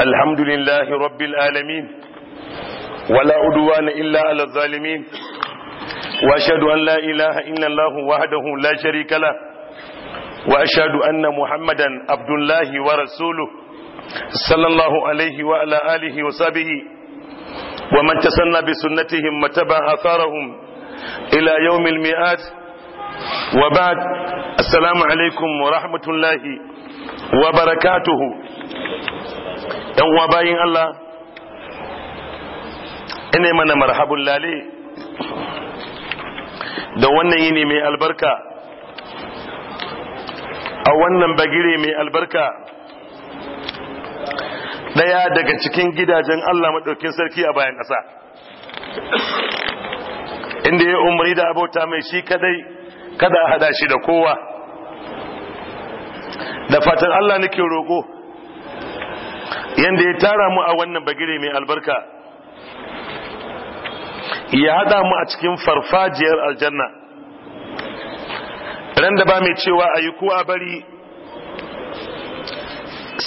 الحمد لله رب العالمين ولا عدوان إلا على الظالمين وأشهد أن لا إله إلا الله وحده لا شريك له وأشهد أن محمدا عبد الله ورسوله صلى الله عليه وعلى آله وصحبه ومن تسنى بسنتهم وتبع أثارهم إلى يوم المئات وبعد السلام عليكم ورحمة الله وبركاته yan uwa bayin Allah ina mana marhabun lale da wannan yini mai albarka a wannan bagire mai albarka daya daga cikin gidajen Allah maɗaukin sarki a bayan ƙasa inda ya umari da abota mai shi kadai kada a hada shi da kowa da fatan Allah nake roƙo yanda ya tara mu a wannan bagire mai albarka ya hada mu a cikin farfajiyar aljanna ran da ba mai cewa a yi kuwa bari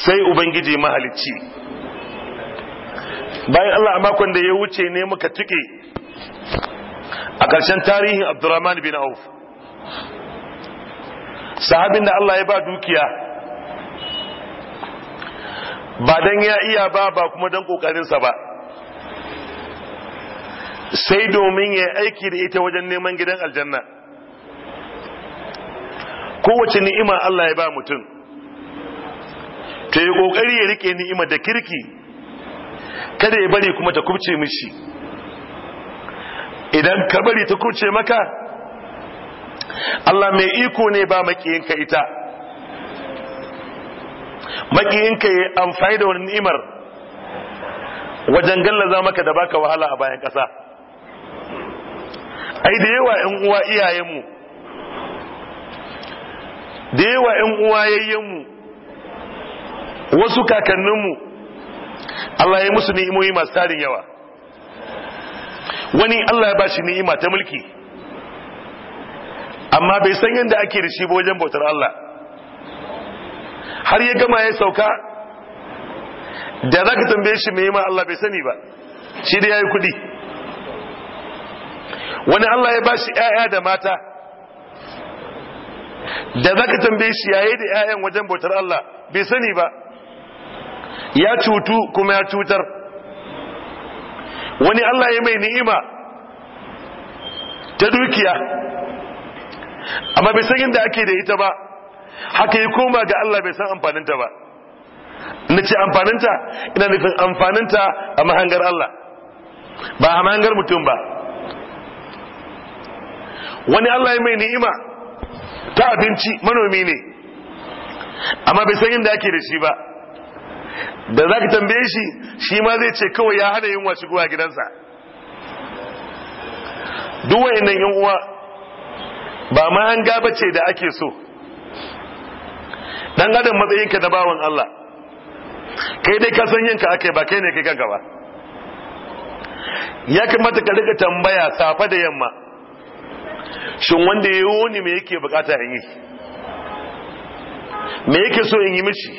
sai ubangiji mahalicci bayan allah a makon da ya wuce ne muka tuke a ƙarshen tarihin abdurrahman bin auf sahabin da allah ya ba dukiya ba dan ya iya ba ba kuma dan kokarinsa ba sai domin ya aiki da ita wajen neman gidan aljanna kowace ni'ima Allah ya ba mutum ta yi kokari ya rike ni'ima da kirki kada ya bari kuma ta kubce mishi idan ka bari ta kubce maka Allah mai iko ne ba makiyinka ita magiyinka ya amfani da wani ni'imar wajen gallaza maka da baka wahala a bayan kasa. ai da yawa yan uwa iyayenmu da yawa yan uwa yayyenmu wasu kakanninmu Allah ya musu ni'imoyi masu tarin yawa wani Allah ya bashi ni'ima ta mulki amma bai san yadda ake da shi wajen bautar Allah har ya gama ya sauka da za ka tambaye shi mai ma Allah bai sani ba shi da ya yi kudi wani Allah ya ba shi 'ya'ya da mata da za ka tambaye shi yayi da 'ya'yan wajen bautar Allah bai sani ba ya cutu kuma ya cutar wani Allah ya mai ni'ima ta dukiya amma bai san yadda ake da ita ba haka ya koma ga Allah bai san amfaninta ba na ce amfaninta ina nufin amfaninta a mahangar Allah ba a mahangar mutum ba wani Allah ya mai ni'ima ta abinci manomi ne amma bai san inda ake da shi ba da za ka tambaye shi shi ma zai ce kawai ya hana yunwa wasu guwa gidansa duwa inan yan uwa ba ma an ce da ake so dan adam matsayin ka na bawan Allah kai dai ka san yinka akai ba kai ne kai kanka ba ya kamata ka rika tambaya safa da yamma shin wanda ya wani me yake bukata in yi me yake so in yi mishi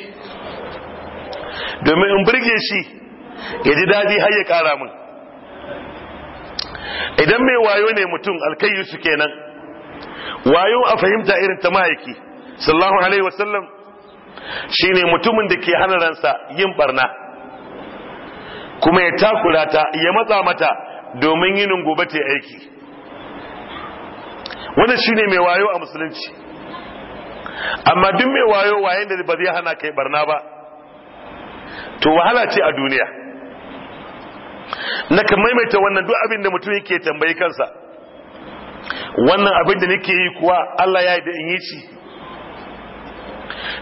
domin in burge shi ya ji daɗi har ya ƙara min idan mai wayo ne mutum alkayyusu kenan wayo a fahimta irin ta ma'aiki sallallahu alaihi wasallam Shi ne mutumin da ke hana ransa yin barna kuma ya takura ta ya matsa mata domin yinin gobe ta aiki shi shine mai wayo a musulunci amma duk mai wayo wayan da ba zai hana kai barna ba to wahala ce a duniya na kan maimaita wannan duk abin da mutum yake tambayi kansa wannan abin da nake yi kuwa Allah ya yi da in yi shi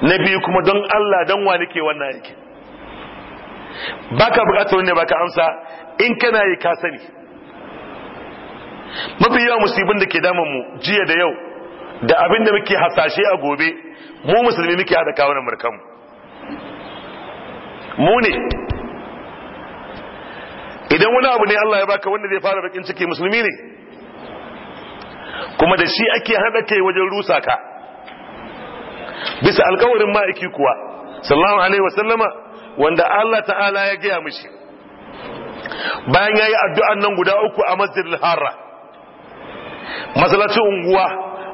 na biyu kuma don Allah don wa nake wannan aikin baka bukatar ba ka amsa in kana yi ka sani mafi yawan musibin da ke damun mu jiya da yau da abin da muke hasashe a gobe mu musulmi muke hada na murkan mu ne idan wani abu ne Allah ya baka wanda zai fara bakin ciki musulmi ne kuma da shi ake hada kai wajen rusa ka bisa alkawarin ma'aiki kuwa sallallahu alaihi wasallama wanda Allah ta'ala ya gaya mishi bayan yayi addu'an nan guda uku a masjidil harra masallacin unguwa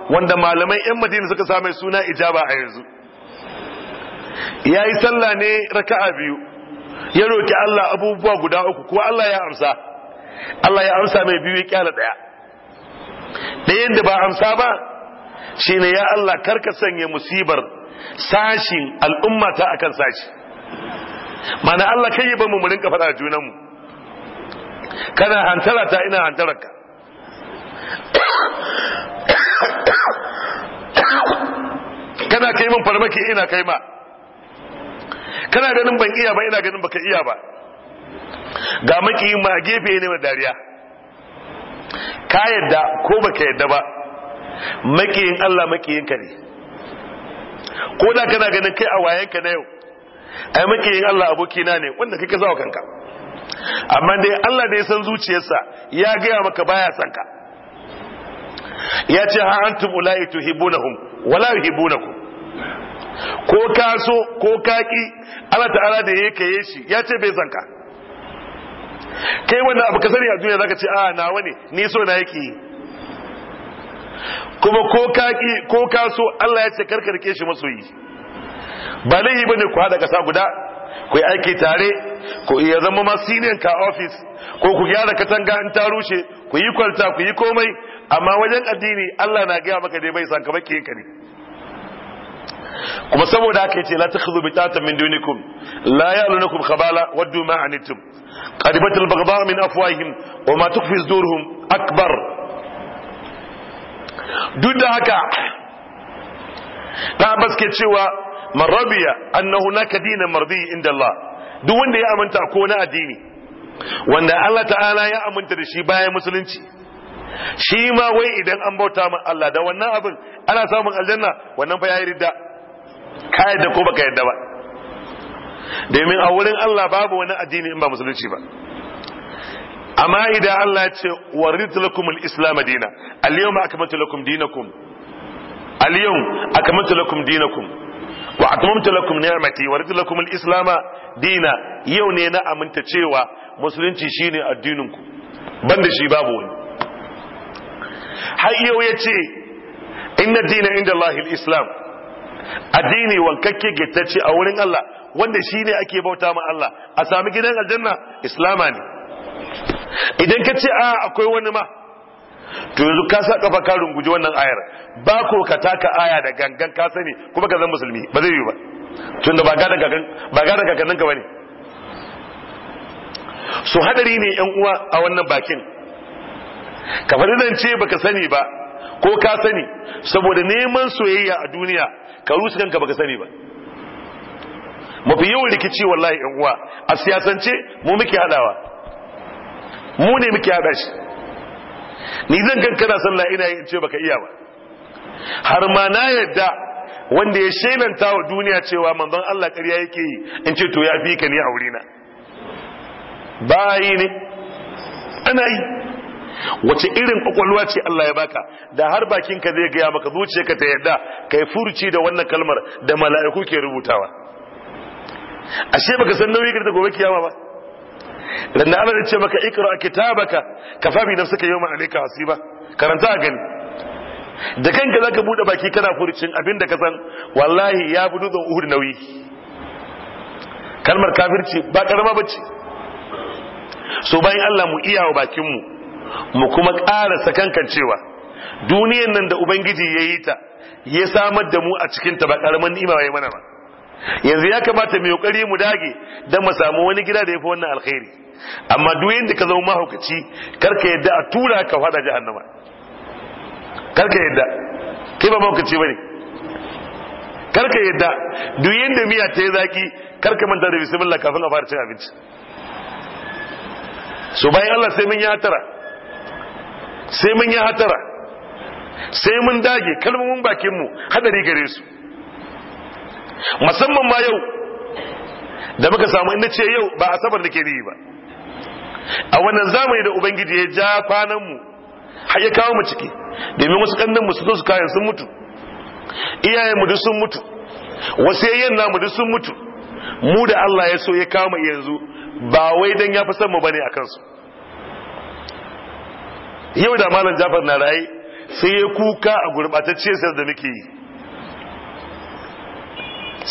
wanda malamai yan madina suka same suna ijaba a yanzu yayi sallah ne raka'a biyu ya roki Allah abubuwa guda uku ko Allah ya amsa Allah ya amsa mai biyu ya kyala daya ɗayan da ba amsa ba shine ya Allah karka sanya musibar sashin al'umma ta akan sashi mana Allah kai ba mu murin kafara junan mu kana hantara ta ina ka. kana kai min farmaki ina kai ma kana ganin ban iya ba ina ganin baka iya ba ga maki ma gefe ne ma dariya ka yadda ko baka yadda ba makiyin Allah ka ne ko da kana ganin kai a wayanka na yau ai makiyin Allah abokina ne wanda kake zawa kanka amma dai Allah da ya san zuciyarsa ya gaya maka baya san ka ya ce ha antum ulai tuhibunahum wala yuhibunakum ko ka so ko ka ki Allah ta'ala da yake yi shi ya ce bai san ka kai wannan abu ka sani a duniya zaka ce a ah, nawa ne ni so na yake yi kuma ko ka ko ka so Allah ya ce karkarke shi masoyi ba laihi bane ku haɗa kasa guda ku yi aiki tare ku iya zama ma senior ka office ko ku gyara katanga in ta rushe ku yi kwalta ku yi komai amma wajen addini Allah na gaya maka dai bai san ka bake ka ne kuma saboda haka yace la takhudhu bitatan min dunikum la ya'lunukum khabala waddu ma anitum qad baghdha min afwahihim wa ma tukhfi sudurhum akbar duk da haka na baske cewa marabiya annahu na ka mardi inda Allah duk wanda ya aminta ko na addini wanda Allah ta'ala ya aminta da shi bayan musulunci shi ma wai idan an bauta min Allah da wannan abin ana samun aljanna wannan fa yayi ridda ka yadda ko baka yadda ba domin a wurin Allah babu wani addini in ba musulunci ba amma idan Allah ya ce warritu lakum al-islam dina al-yawma akmaltu lakum dinakum al-yawm akmaltu lakum dinakum wa atmamtu lakum ni'mati wa raditu lakum al-islam dina yau ne na aminta cewa musulunci shine addinin ku banda shi babu wani har yau ya yace inna dina inda Allah al-islam addini wankakke gittacce a wurin Allah wanda shine ake bauta ma Allah a sami gidan aljanna islama ne idan ka ce a ah, akwai wani ma to yanzu ka sa kafa ka runguji wannan ayar ba ko ka taka aya da gangan ka sani kuma ka zan musulmi ba zai yi ba tunda ba gadan kakan ba gadan ka bane su hadari ne yan uwa a wannan bakin ka faɗi ce baka sani ba ko ka sani saboda neman soyayya a duniya ka rusa kanka baka sani ba mafi yawan rikici wallahi yan uwa a siyasance mu muke hadawa mu ne muke hada shi ni zan kan kana sallah ina yin ce baka iya ba har ma na yadda wanda ya shelanta wa duniya cewa manzon Allah ƙarya yake yi in ce to ya fi ka ne a wurina bayi ne ana yi wace irin kwakwalwa ce Allah ya baka da har bakinka zai gaya maka ka ta yadda kai furuci da wannan kalmar da mala'iku ke rubutawa ashe baka san nauyi ka ta gobe kiyama ba dan Allah ya ce maka ikra kitabaka kafa bi nafsaka yawman alayka hasiba karanta gani da kanka zaka bude baki kana furucin abinda ka san wallahi ya bi zan uhud nauyi kalmar kafirci ba karama bace so bayan Allah mu iyawa bakin mu mu kuma ƙara sakankan cewa duniyan nan da ubangiji yayi ta ya samar da mu a cikinta ba ƙaramin ni'ima ya mana ba yanzu ya kamata mai kokari mu dage dan mu samu wani gida da yafi wannan alkhairi amma duk yanda ka zama mahaukaci karka yadda a tura ka fada jahannama karka yadda kai ba mahaukaci bane karka yadda duk yadda miya ta yi zaki karka manta da bismillah kafin a fara cin abinci so bayan Allah sai mun yi hatara sai mun yi hatara sai mun dage kalmomin bakin mu hadari gare su musamman ma yau da muka samu inda ce yau ba asabar da ke ba a wannan zamani da ubangiji ya ja kwanan mu har ya kawo mu ciki domin wasu kannan mu su kayan sun mutu iyayen mu duk sun mutu wasu na namu duk sun mutu mu da Allah ya so ya kawo mu yanzu ba wai dan ya fi san mu bane akan su yau da malam Jafar na raye sai ya kuka a gurbatacciyar sai da muke yi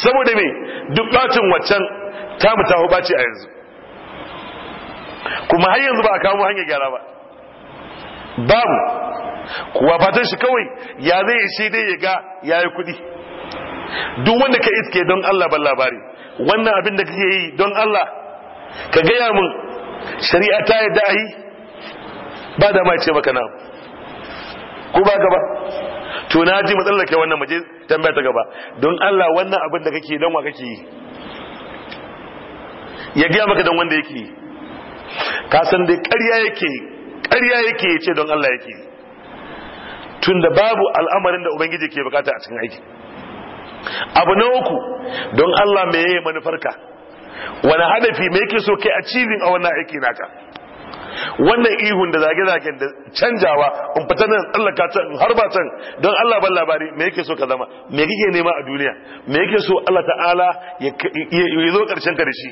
saboda mai duk bacin waccan ta mu taho baci a yanzu kuma har yanzu ba a kawo hanyar gyara ba babu kuwa fatan shi kawai ya zai ishe dai ya ga ya yi kudi duk wanda ka iske don Allah ban labari wannan abin da kake yi don Allah ka gaya mun shari'a ta yadda a yi ba da ma ce maka na ko ba gaba to na ji matsalar kai wannan maje tambaya ta gaba don Allah wannan abin da kake don wa kake yi ya gaya maka don wanda yake ka san dai ƙarya yake ƙarya yake ya ce don Allah yake tun da babu al'amarin da ubangiji ke bukata a cikin aiki abu na uku don Allah me yayi manufarka wani hadafi me yake so kai achieving a wannan aiki naka wannan ihun da zage-zagen da canjawa in fita nan tsallaka can har ba can don Allah ban labari me yake so ka zama me kike nema a duniya me yake so Allah ta'ala ya zo karshen ka da shi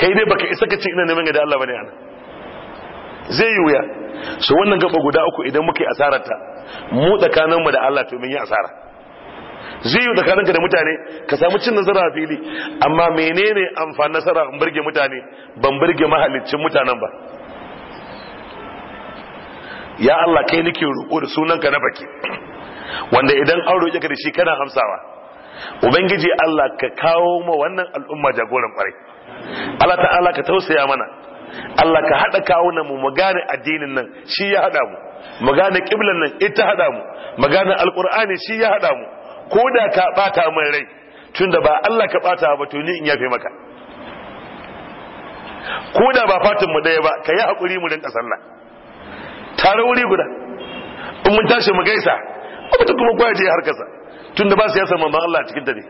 kai dai baka isa ka ce ina neman da Allah bane ana zai yi wuya so wannan gaba guda uku idan muka yi ta mu tsakaninmu da Allah to mun yi asara zai yi tsakaninka da mutane ka samu cin nasara a fili amma menene amfani nasara in birge mutane ban birge mahalicin mutanen ba ya Allah kai nake roƙo da sunanka na baki wanda idan an roƙe ka da shi kana amsawa ubangiji Allah ka kawo ma wannan al'umma jagoran kwarai Allah ta'ala ka tausaya mana Allah ka haɗa kawunan mu mu gane addinin nan shi ya haɗa mu mu gane kiblan nan ita haɗa mu mu gane alƙur'ani shi ya haɗa mu ko da ka bata min rai tunda ba Allah ka bata ba to ni in yafe maka ko da ba fatin mu daya ba ka yi hakuri mu rinka sallah tare wuri guda in mun tashi mu gaisa abu kuma kwaya je harkarsa tunda ba su siyasa manzon Allah cikin ta ne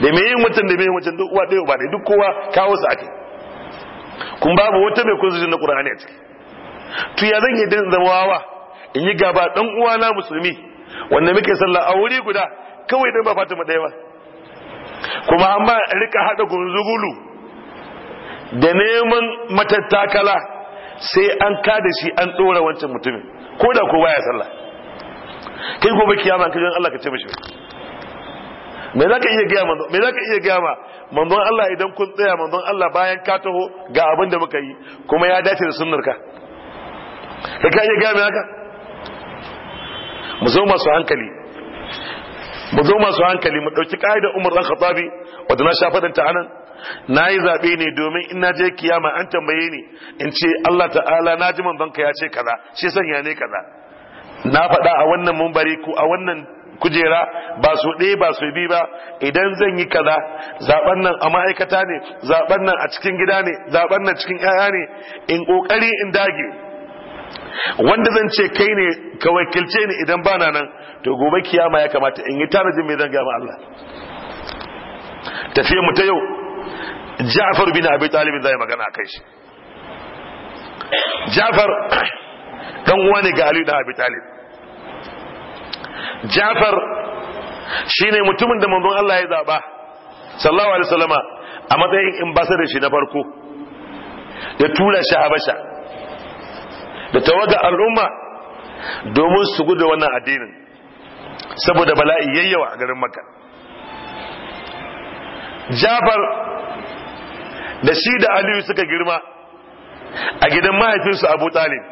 da me yin wancan da me yin wancan duk uwa ɗaya ba ne duk kowa kawo su ake? kun babu wata mai zuci na Qur'ani a ciki to ya zan yi din zama wawa in yi gaba dan uwana musulmi wanda muke sallah a wuri guda kawai dan ba Fatima ɗaya ba kuma amma rika haɗa gunzugulu da neman matattakala sai an kada shi an dora wancan mutumin ko da ko baya sallah kai ko ba kiyama kai Allah ka ce mishi me zaka iya gaya ma? me zaka iya gaya ma manzon Allah idan kun tsaya manzon Allah bayan ka taho ga abin da muka yi kuma ya dace da sunnarka ka kai iya gaya me haka mu zo masu hankali mu zo masu hankali mu ɗauki ƙa'idar umar ɗan khatabi wadda na sha faɗin anan nayi yi zaɓe ne domin in na je kiyama an tambaye ni in ce Allah ta'ala na ji man banka ya ce kaza shi sanya ne kaza na faɗa a wannan mumbari ko a wannan kujera ba su ɗaya ba su bi ba idan zan yi kaza zaben nan a ma'aikata ne zaben nan a cikin gida ne zaben nan cikin 'ya'ya ne in ƙoƙari in dage wanda zan ce kai ne ka wakilce ni idan bana nan to gobe kiyama ya kamata in yi tanajin mai zan ma Allah tafiye mu ta yau Ja'far bin Abi Talib zai magana kai shi Ja'far dan uwa ne ga Ali da Abi Talib Ja'far shine mutumin da manzon Allah ya zaba sallallahu alaihi wasallama a matsayin ambassador shi na farko da tura shi Habasha da tawaga al'umma domin su gudu wannan addinin saboda bala'i yayyawa a garin maka jafar da shi da aliyu suka girma a gidan mahaifinsu abu talib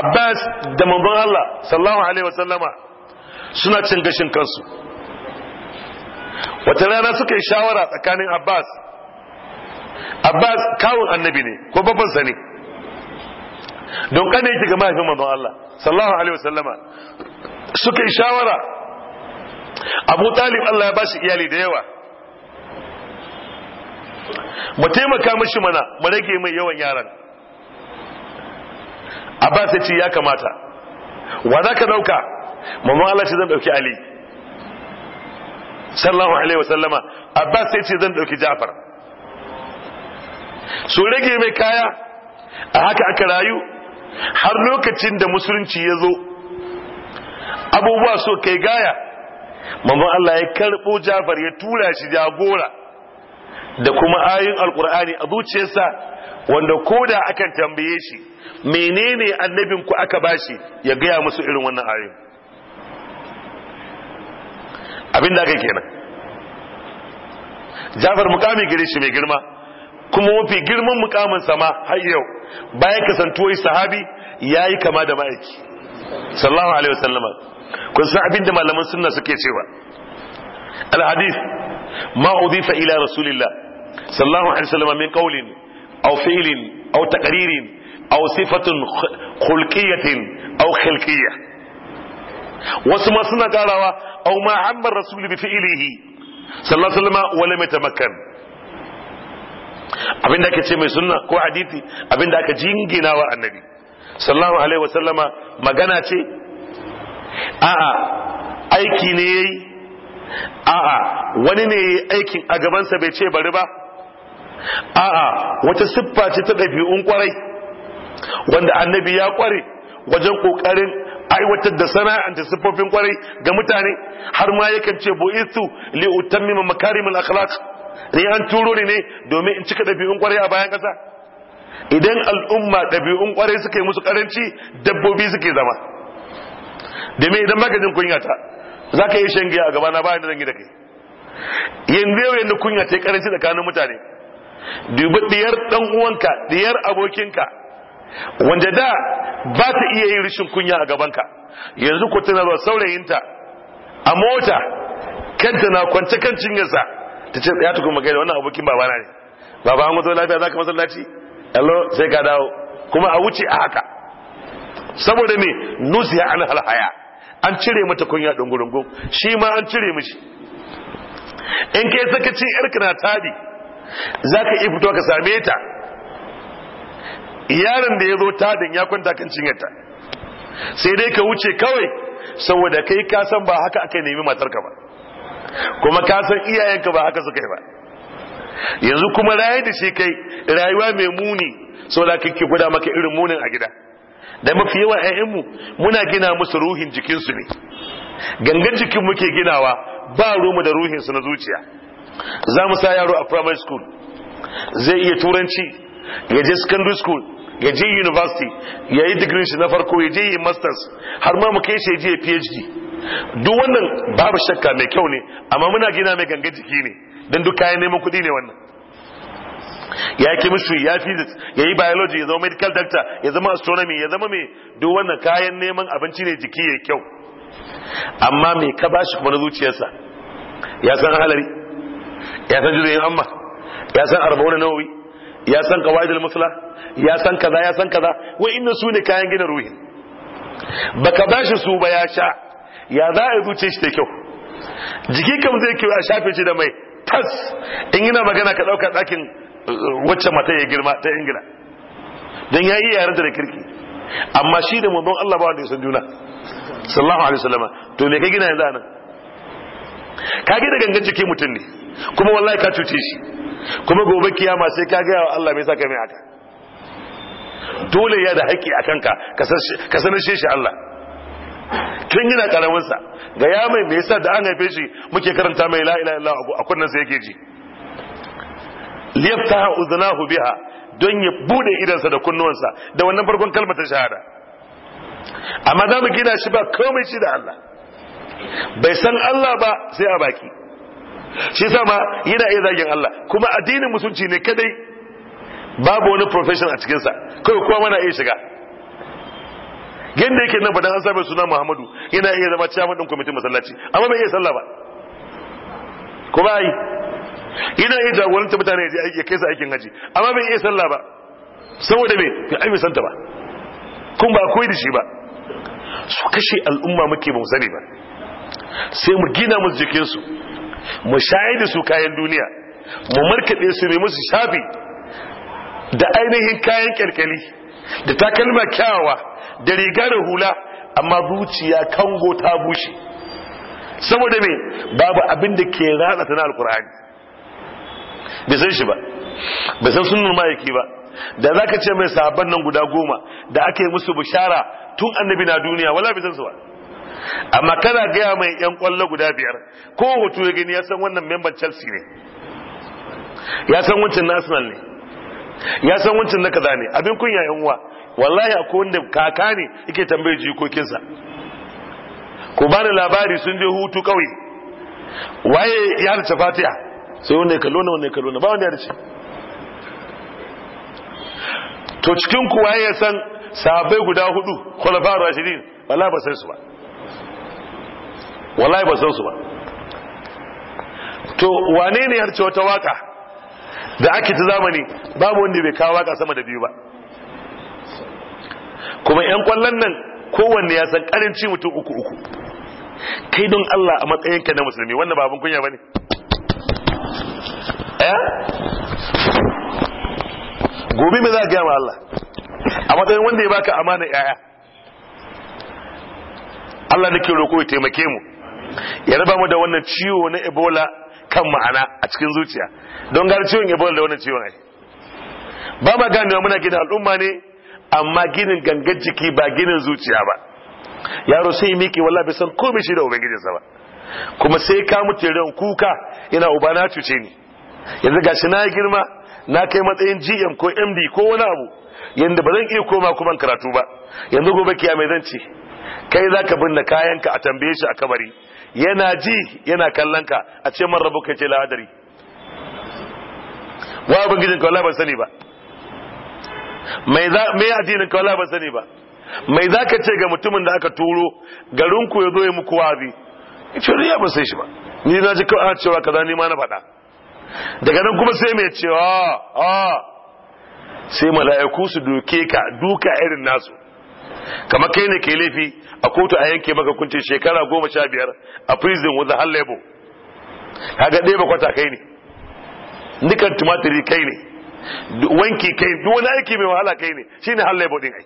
abbas da manzon allah sallallahu alaihi wasallama suna cin gashin kansu wata rana suka yi shawara tsakanin abbas abbas kawun annabi ne ko babban sani? don kada yake ga mahaifin manzon Allah sallallahu alaihi wasallama suka yi shawara Abu Talib Allah ya bashi iyali da yawa mu taimaka mishi mana mu rage mai yawan yaran Abbas ya ce ya kamata wa za ka dauka manzon Allah ce zan dauki Ali sallallahu alaihi wasallama Abbas ya ce zan dauki Ja'far su rage mai kaya a haka aka rayu har lokacin da musulunci ya zo abubuwa so kai gaya mamman Allah ya karɓo jafar ya tura shi jagora da kuma ayin alkur'ani a zuciyarsa wanda ko da akan tambaye shi menene annabin ku aka bashi ya gaya musu irin wannan ayin abin da aka kenan jafar mukami gare shi mai girma kuma mafi girman mukamin sama har yau bayan kasantuwar sahabi ya yi kama da ma'aiki sallallahu alaihi wasallama kun san abinda malaman sunna suke cewa alhadith ma udifa ila rasulillah sallallahu alaihi wasallama min qawlin aw fi'lin aw taqririn aw sifatin khulqiyatin aw khilqiyya wasu ma suna karawa aw ma amma rasul bi fi'lihi sallallahu alaihi wasallama wa lam yatamakkan abin da ce mai sunna ko hadisi abin da aka jingina wa annabi sallallahu alaihi sallama magana ce a'a aiki ne yayi a'a wani ne yayi aikin a gabansa bai ce bari ba a'a wata siffa ce ta ɗabi'un kwarai wanda annabi ya kware wajen kokarin aiwatar da sana'a da siffofin kwarai ga mutane har ma yakan ce bu'istu li utammima makarimul akhlaq ni an turo ni ne domin in cika ɗabi'un kwarai a bayan kasa idan al'umma ɗabi'un kwarai suka yi musu ƙaranci dabbobi suke zama domin idan magajin kunya ta za ka yi shan giya a gaba na bayan da zangi da kai yanzu yau yanzu kunya ta yi ƙaranci tsakanin mutane dubi ɗiyar ɗan uwanka ɗiyar abokinka wanda da ba ta iya yin rishin kunya a gabanka yanzu ko tana saurayinta a mota kanta na kwance kan cinyarsa ta ce ya tukun da wannan abokin babana ne baba an lafiya za ka masallaci allo sai ka dawo kuma a wuce a haka saboda me nusiya an halhaya an cire mata kunya dungurungun shi ma an cire mishi in kai saka ce yarka na tabi za ka iya fito ka same ta yaron da ya zo tadin ya kwanta kan cinyarta sai dai ka wuce kawai saboda kai ka san ba haka aka nemi matarka ba kuma ka san iyayenka ba haka suka yi ba yanzu kuma rayu da shi kai rayuwa mai muni saboda kake guda maka irin munin a gida da mafi yawan ƴaƴanmu muna gina musu ruhin jikinsu ne gangan jikin muke ginawa ba rumu da ruhinsu na zuciya za mu sa yaro a primary school zai iya turanci ya je secondary school ya je university ya yi degree shi na farko ya je yi masters har ma mu shi ya je phd duk wannan babu shakka mai kyau ne amma muna gina mai ganga jiki ne don duk kayan neman kuɗi ne wannan ya yi chemistry ya physics ya yi biology ya zama medical doctor ya zama astronomy ya zama mai duk wannan kayan neman abinci ne jiki ya kyau amma mai ka bashi kuma na zuciyarsa ya san halari ya san jirgin amma ya san arba'una nawawi ya san da Musula. ya san kaza ya san kaza wa'inna su ne kayan gina ruhi baka bashi su ba ya sha ya za a zuce shi da kyau jiki kam zai kyau a shafe shi da mai tas in yana magana ka ɗauka ɗakin uh, wacce mata ya girma ta ingila Dan ya yi yaranta da kirki amma shi da mabon allah ba wanda ya san juna sallallahu alaihi wasallam to me ka gina yanzu anan ka gina gangan jiki mutum ne kuma wallahi ka cuce shi kuma gobe kiyama sai ka gaya wa allah me yasa mai haka dole ya da haƙi a kanka ka sanar shi Allah tun yana ƙaramarsa. ga ya mai me yasa da an haife shi muke karanta mai la'ila ilaha abu a kunnan sai yake ji liyaftaha uznahu biha don ya bude idansa da kunnuwansa da wannan farkon kalmar ta shahada amma za mu gina shi ba komai shi da Allah bai san Allah ba sai a baki shi sama yana iya zagin Allah kuma addinin musulci ne kadai babu wani profession a cikinsa kawai kowa mana iya shiga yadda yake nan badan an sabi suna muhammadu yana iya zama cewa ɗin kwamitin masallaci amma bai iya sallah ba ko ba yi yana iya jagoranta mutane ya kai sa aikin haji amma bai iya sallah ba saboda me ya aibe santa ba kun ba koyi da shi ba su kashe al'umma muke ba mu ba sai mu gina musu jikinsu mu shayar da su kayan duniya mu markaɗe su mai musu shafi da ainihin kayan kyalkyali da takalma kyawa da riga da hula amma zuciya kango ta bushe saboda me babu abin da ke ratsa ta na alkur'ani bai san shi ba bai san sunan ma'aiki ba da za ka ce mai sahabban nan guda goma da ake musu bishara tun annabi na duniya wala bai san su ba amma kana gaya mai yan kwallo guda biyar ko hoto ya gani ya san wannan memban chelsea ne ya san wancan national ne ya san wancin na kaza ne abin kunya yan uwa wallahi akwai wanda kaka ne yake tambaye jikokinsa ko bani labari sun je hutu kawai waye ya rice Fatiya? sai wanda ya kallo na wanda ya kallo na ba wanda ya rice to cikin ku waye ya san sahabbai guda hudu khulafa rashidin wallahi ba san su ba wallahi ba san su ba to wane ne harce wata waka da ake ta zamani babu wanda bai kawo waka sama da biyu ba kuma yan kwallon nan kowanne ya san karanci mutum uku uku kai don Allah a matsayinka na musulmi wannan babun kunya bane eh gobe me za ka gaya ma Allah a matsayin wanda ya baka amana yaya Allah nake roƙo ya taimake mu ya raba mu da wannan ciwo na Ebola kan ma'ana a cikin zuciya don gari ciwon ya da wannan ciwon ai ba ma ganewa muna gina al'umma ne amma ginin gangar jiki ba ginin zuciya ba yaro sai ya miki wallahi bai san komai shi da ubangijinsa ba kuma sai ka mutu ran kuka ina uba na cuce ni yanzu gashi na girma na kai matsayin GM ko MD ko wani abu yanda ba zan iya koma kuma karatu ba yanzu gobe kiyame zan ce kai zaka binne kayanka a tambaye shi a kabari yana ji yana kallon ka a ce man rabu kai ce la'adari wa ubangijin ka ban sani ba mai za mai addinin ka ban sani ba mai za ka ce ga mutumin da aka turo garin ku ya zo ya muku wabi ce riya ban sai shi ba ni na ji kawai cewa kaza ni ma na faɗa daga nan kuma sai mai cewa ah, ah. sai mala'iku su doke ka duka irin nasu kamar kai ne ke laifi a kotu a yanke maka kunci shekara goma sha biyar a prison with a hard labor kaga ɗaya ba kwata kai ne nikan tumatiri kai ne wanki kai duk wani aiki mai wahala kai ne shine hard labor din ai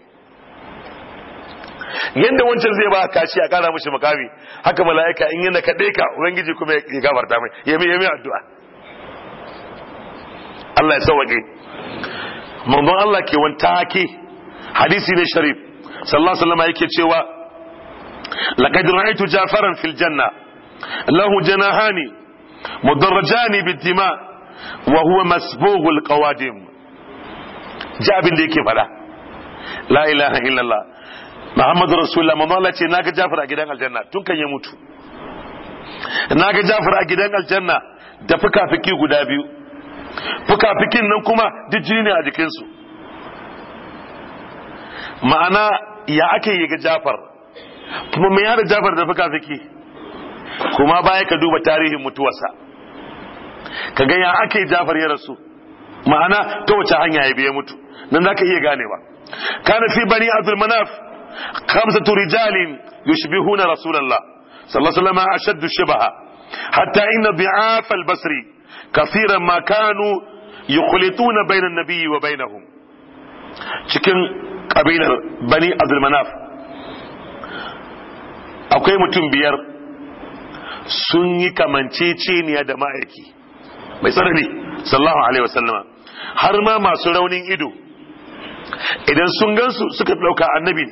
yanda wancan zai ba kashi a kara mishi makami haka mala'ika in yana kaɗe ka ubangiji kuma ya gafarta mai ya mai addu'a Allah ya sauwaƙe mamban Allah ke wani take hadisi ne sharif sallallahu alaihi yake cewa laqad ra'aytu jafaran fil janna lahu janahani mudarrajani bid-dima wa huwa qawadim da yake faɗa la ilaha illallah muhammadu rasulullah mamala ce naga jafar a gidan aljanna tun kan ya mutu naga jafar a gidan aljanna da fuka-fiki guda biyu fuka-fikin nan kuma duk jini ne a jikinsu ma'ana ya aka yi ga jafar kuma mai yada jafar da fuka zaki kuma baya ka duba tarihin mutuwarsa ka ga ya ake jafar ya rasu ma'ana ta wace hanya ya biya mutu nan za ka iya ganewa kana fi bani abdul manaf khamsatu rijalin yushbihuna rasulullah sallallahu alaihi wasallam ashaddu shibaha hatta inna bi'af al-basri kaseeran ma kanu yukhlituna bayna an-nabiyyi wa bainahum cikin kabilar bani abdulmanaf akwai mutum biyar sun yi kamanceceniya da ma'aiki mai tsanani sallahu alaihi wasallama har ma masu raunin ido idan sun gansu suka ɗauka annabi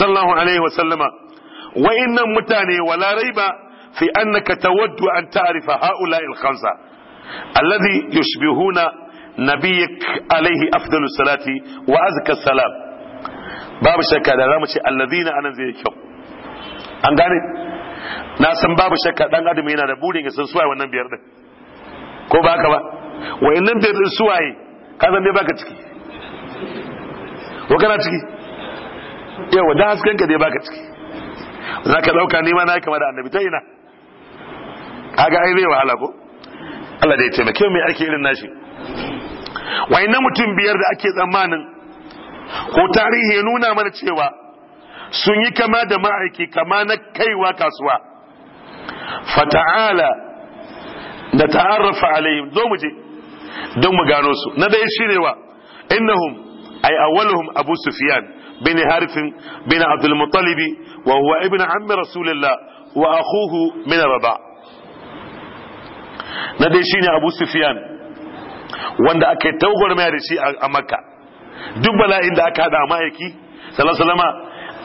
sallahu alaihi wasallama wa'innan mutane wala raiba fi annaka tawaddu an ta'rifa ha'ula'il khamsa alladhi yushbihuna nabiyik alaihi afdalu salati wa azka salam babu shakka da zamu ce alladhina anan zai kyau an gane na san babu shakka dan adam yana da burin ya san suwaye wannan biyar din ko ba haka ba wayannan biyar din suwaye ka san dai baka ciki ko kana ciki yawa da hasken ka dai baka ciki za ka ni ma na kama da annabi ta ina kaga ai zai wahala ko Allah da ya taimake mu mai ake irin nashi Wai na mutum biyar da ake tsammanin ko tarihi ya nuna mana cewa sun yi kama da ma'aiki kama na kaiwa kasuwa fata'ala da ta'arrafa alaihim zo mu je don mu gano su na dai shine wa innahum ay awwaluhum abu sufyan bin harith bin abdul muttalib wa huwa ibn ammi rasulillah wa akhuhu min rabaa na dai shine abu sufyan wanda aka yi taugwarmaya da shi a makka duk bala'in da aka hada a ma'aiki salasalama,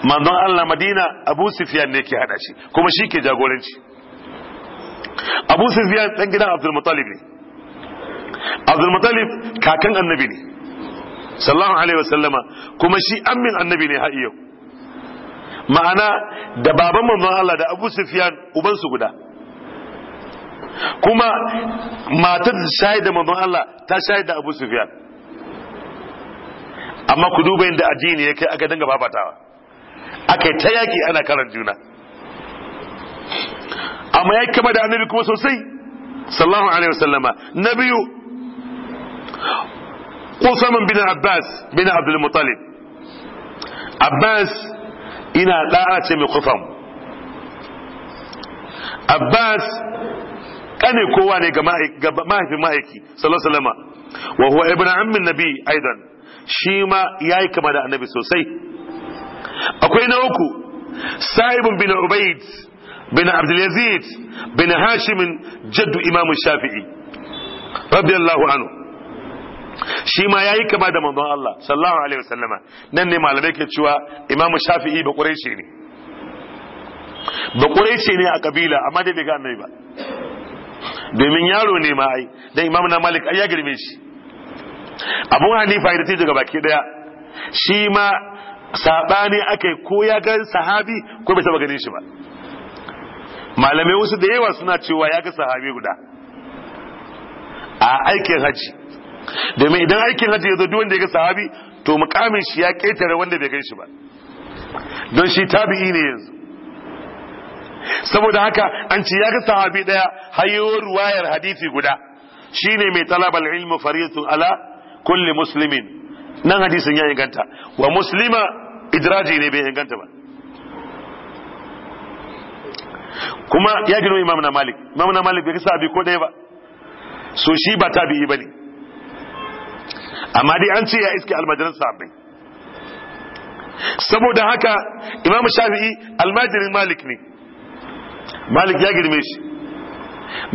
manzon allah madina abu sufiyan ne ke hada shi kuma shi ke jagoranci abu sufiyan dan gidan abdulmutalib ne abdulmutalib kakan annabi ne sallallahu alaihi wasallama kuma shi ammin annabi ne har yau ma'ana da baban manzon allah da abu sufiyan ubansu guda kuma matar shayi da manzon Allah ta shayi da Abu Sufyan amma ku duba yadda addini ya kai aka dinga babatawa aka ta yaki ana karan juna amma ya kama da annabi kuma sosai sallallahu alaihi wasallama na biyu Usman bin Abbas bin Abdul Muttalib Abbas ina da'a ce mai kufam Abbas kane kowa ne ga mahaifin ma'aiki sallallahu alaihi wasallam wa huwa ibnu ammin nabi aidan shi ma yayi kama da annabi sosai akwai na uku sa'ibun bin Ubaid bin abdul yazid bin hashim jaddu imam shafi'i radiyallahu anhu shi ma yayi kama da manzon Allah sallallahu alaihi wasallama nan ne malamai ke cewa imam shafi'i ba quraishi ne ba quraishi ne a kabila amma dai bai ga annabi ba domin yaro ne ma ai dan imam na malik ai ya girme shi abu hanifa ya daga baki daya shi ma sabani akai ko ya ga sahabi ko bai taba ganin shi ba malamai wasu da yawa suna cewa ya ga sahabi guda a aikin haji domin idan aikin haji ya zo duk wanda ya ga sahabi to mukamin shi ya ketare wanda bai gan shi ba don shi tabi'i ne yanzu saboda haka an ce ya ga sahabi daya hayo ruwayar hadisi guda shine mai talabal ilmu fariyatu ala kulli muslimin nan hadisin ya inganta wa muslima idraji ne bai inganta ba kuma ya gino imam na malik imam na malik bai ga sahabi ko daya ba so shi ba tabi'i bane amma dai an ce ya iske almajiran sahabbai saboda haka imam shafi'i almajirin malik ne malik ya girme shi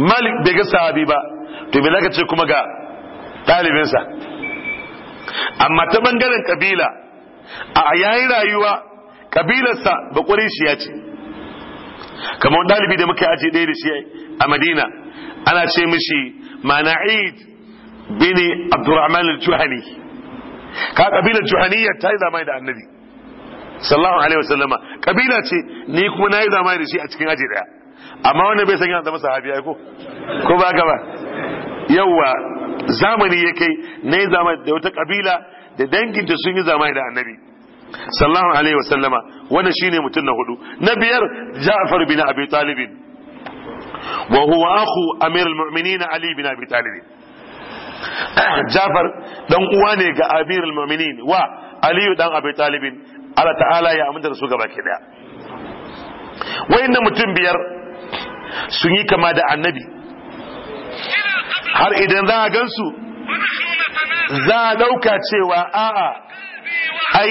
malik bai ga sahabi ba to me zaka ce kuma ga ɗalibinsa amma ta bangaren kabila a yayin rayuwa kabilarsa ba shi ya ce kamar wani ɗalibi da muka aji ɗaya da shi a madina ana ce mishi mana'id bin abdurrahman al-juhani ka kabilar juhaniyya ta yi zamani da annabi sallallahu alaihi wasallama kabila ce ni kuma na yi zamani da shi a cikin aji ɗaya amma wannan bai san yana zama sahabi ai ko ko ba ka ba yawa zamani ya kai ne zama da wata kabila da danginta sun yi zamani da annabi sallallahu alaihi sallama wannan shine mutum na hudu na biyar Ja'far bin Abi Talib wa huwa akhu Amir al-Mu'minin Ali bin Abi Talib Ja'far dan uwa ne ga Amir al-Mu'minin wa Ali dan Abi Talib Allah ta'ala ya aminta da su gaba ke daya wayannan mutum biyar sun yi kama da annabi har idan za a gansu za a ɗauka cewa a'a ai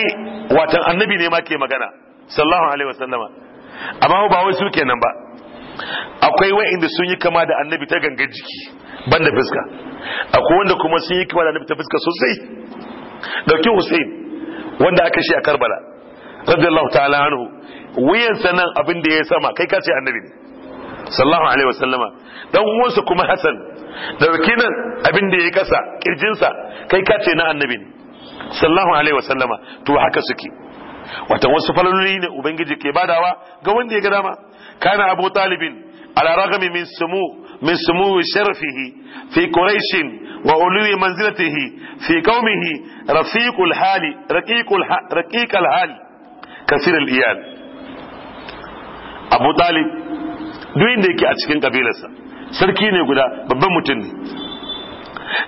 watan annabi ne ma ke magana sallahu alaihi wasallama amma ba wai su kenan ba akwai wa'inda sun yi kama da annabi ta gangan jiki banda fuska akwai wanda kuma sun yi kama da annabi ta fuska sosai dauki Hussein wanda aka shi a Karbala radiyallahu ta'ala anhu wuyan sanan abin da ya sama kai ka ce annabi ne sallallahu alaihi wasallama dan uwansa kuma Hassan da nan abin da yayi kasa kirjinsa kai ka ce na annabi sallallahu alaihi wasallama to haka suke wata wasu falaloli ne ubangiji ke badawa ga wanda ya ga dama kana abu talibin ala ragami min sumu من سمو شرفه في قريش وعلو منزلته في duk inda yake a cikin kabilarsa sarki ne guda babban mutum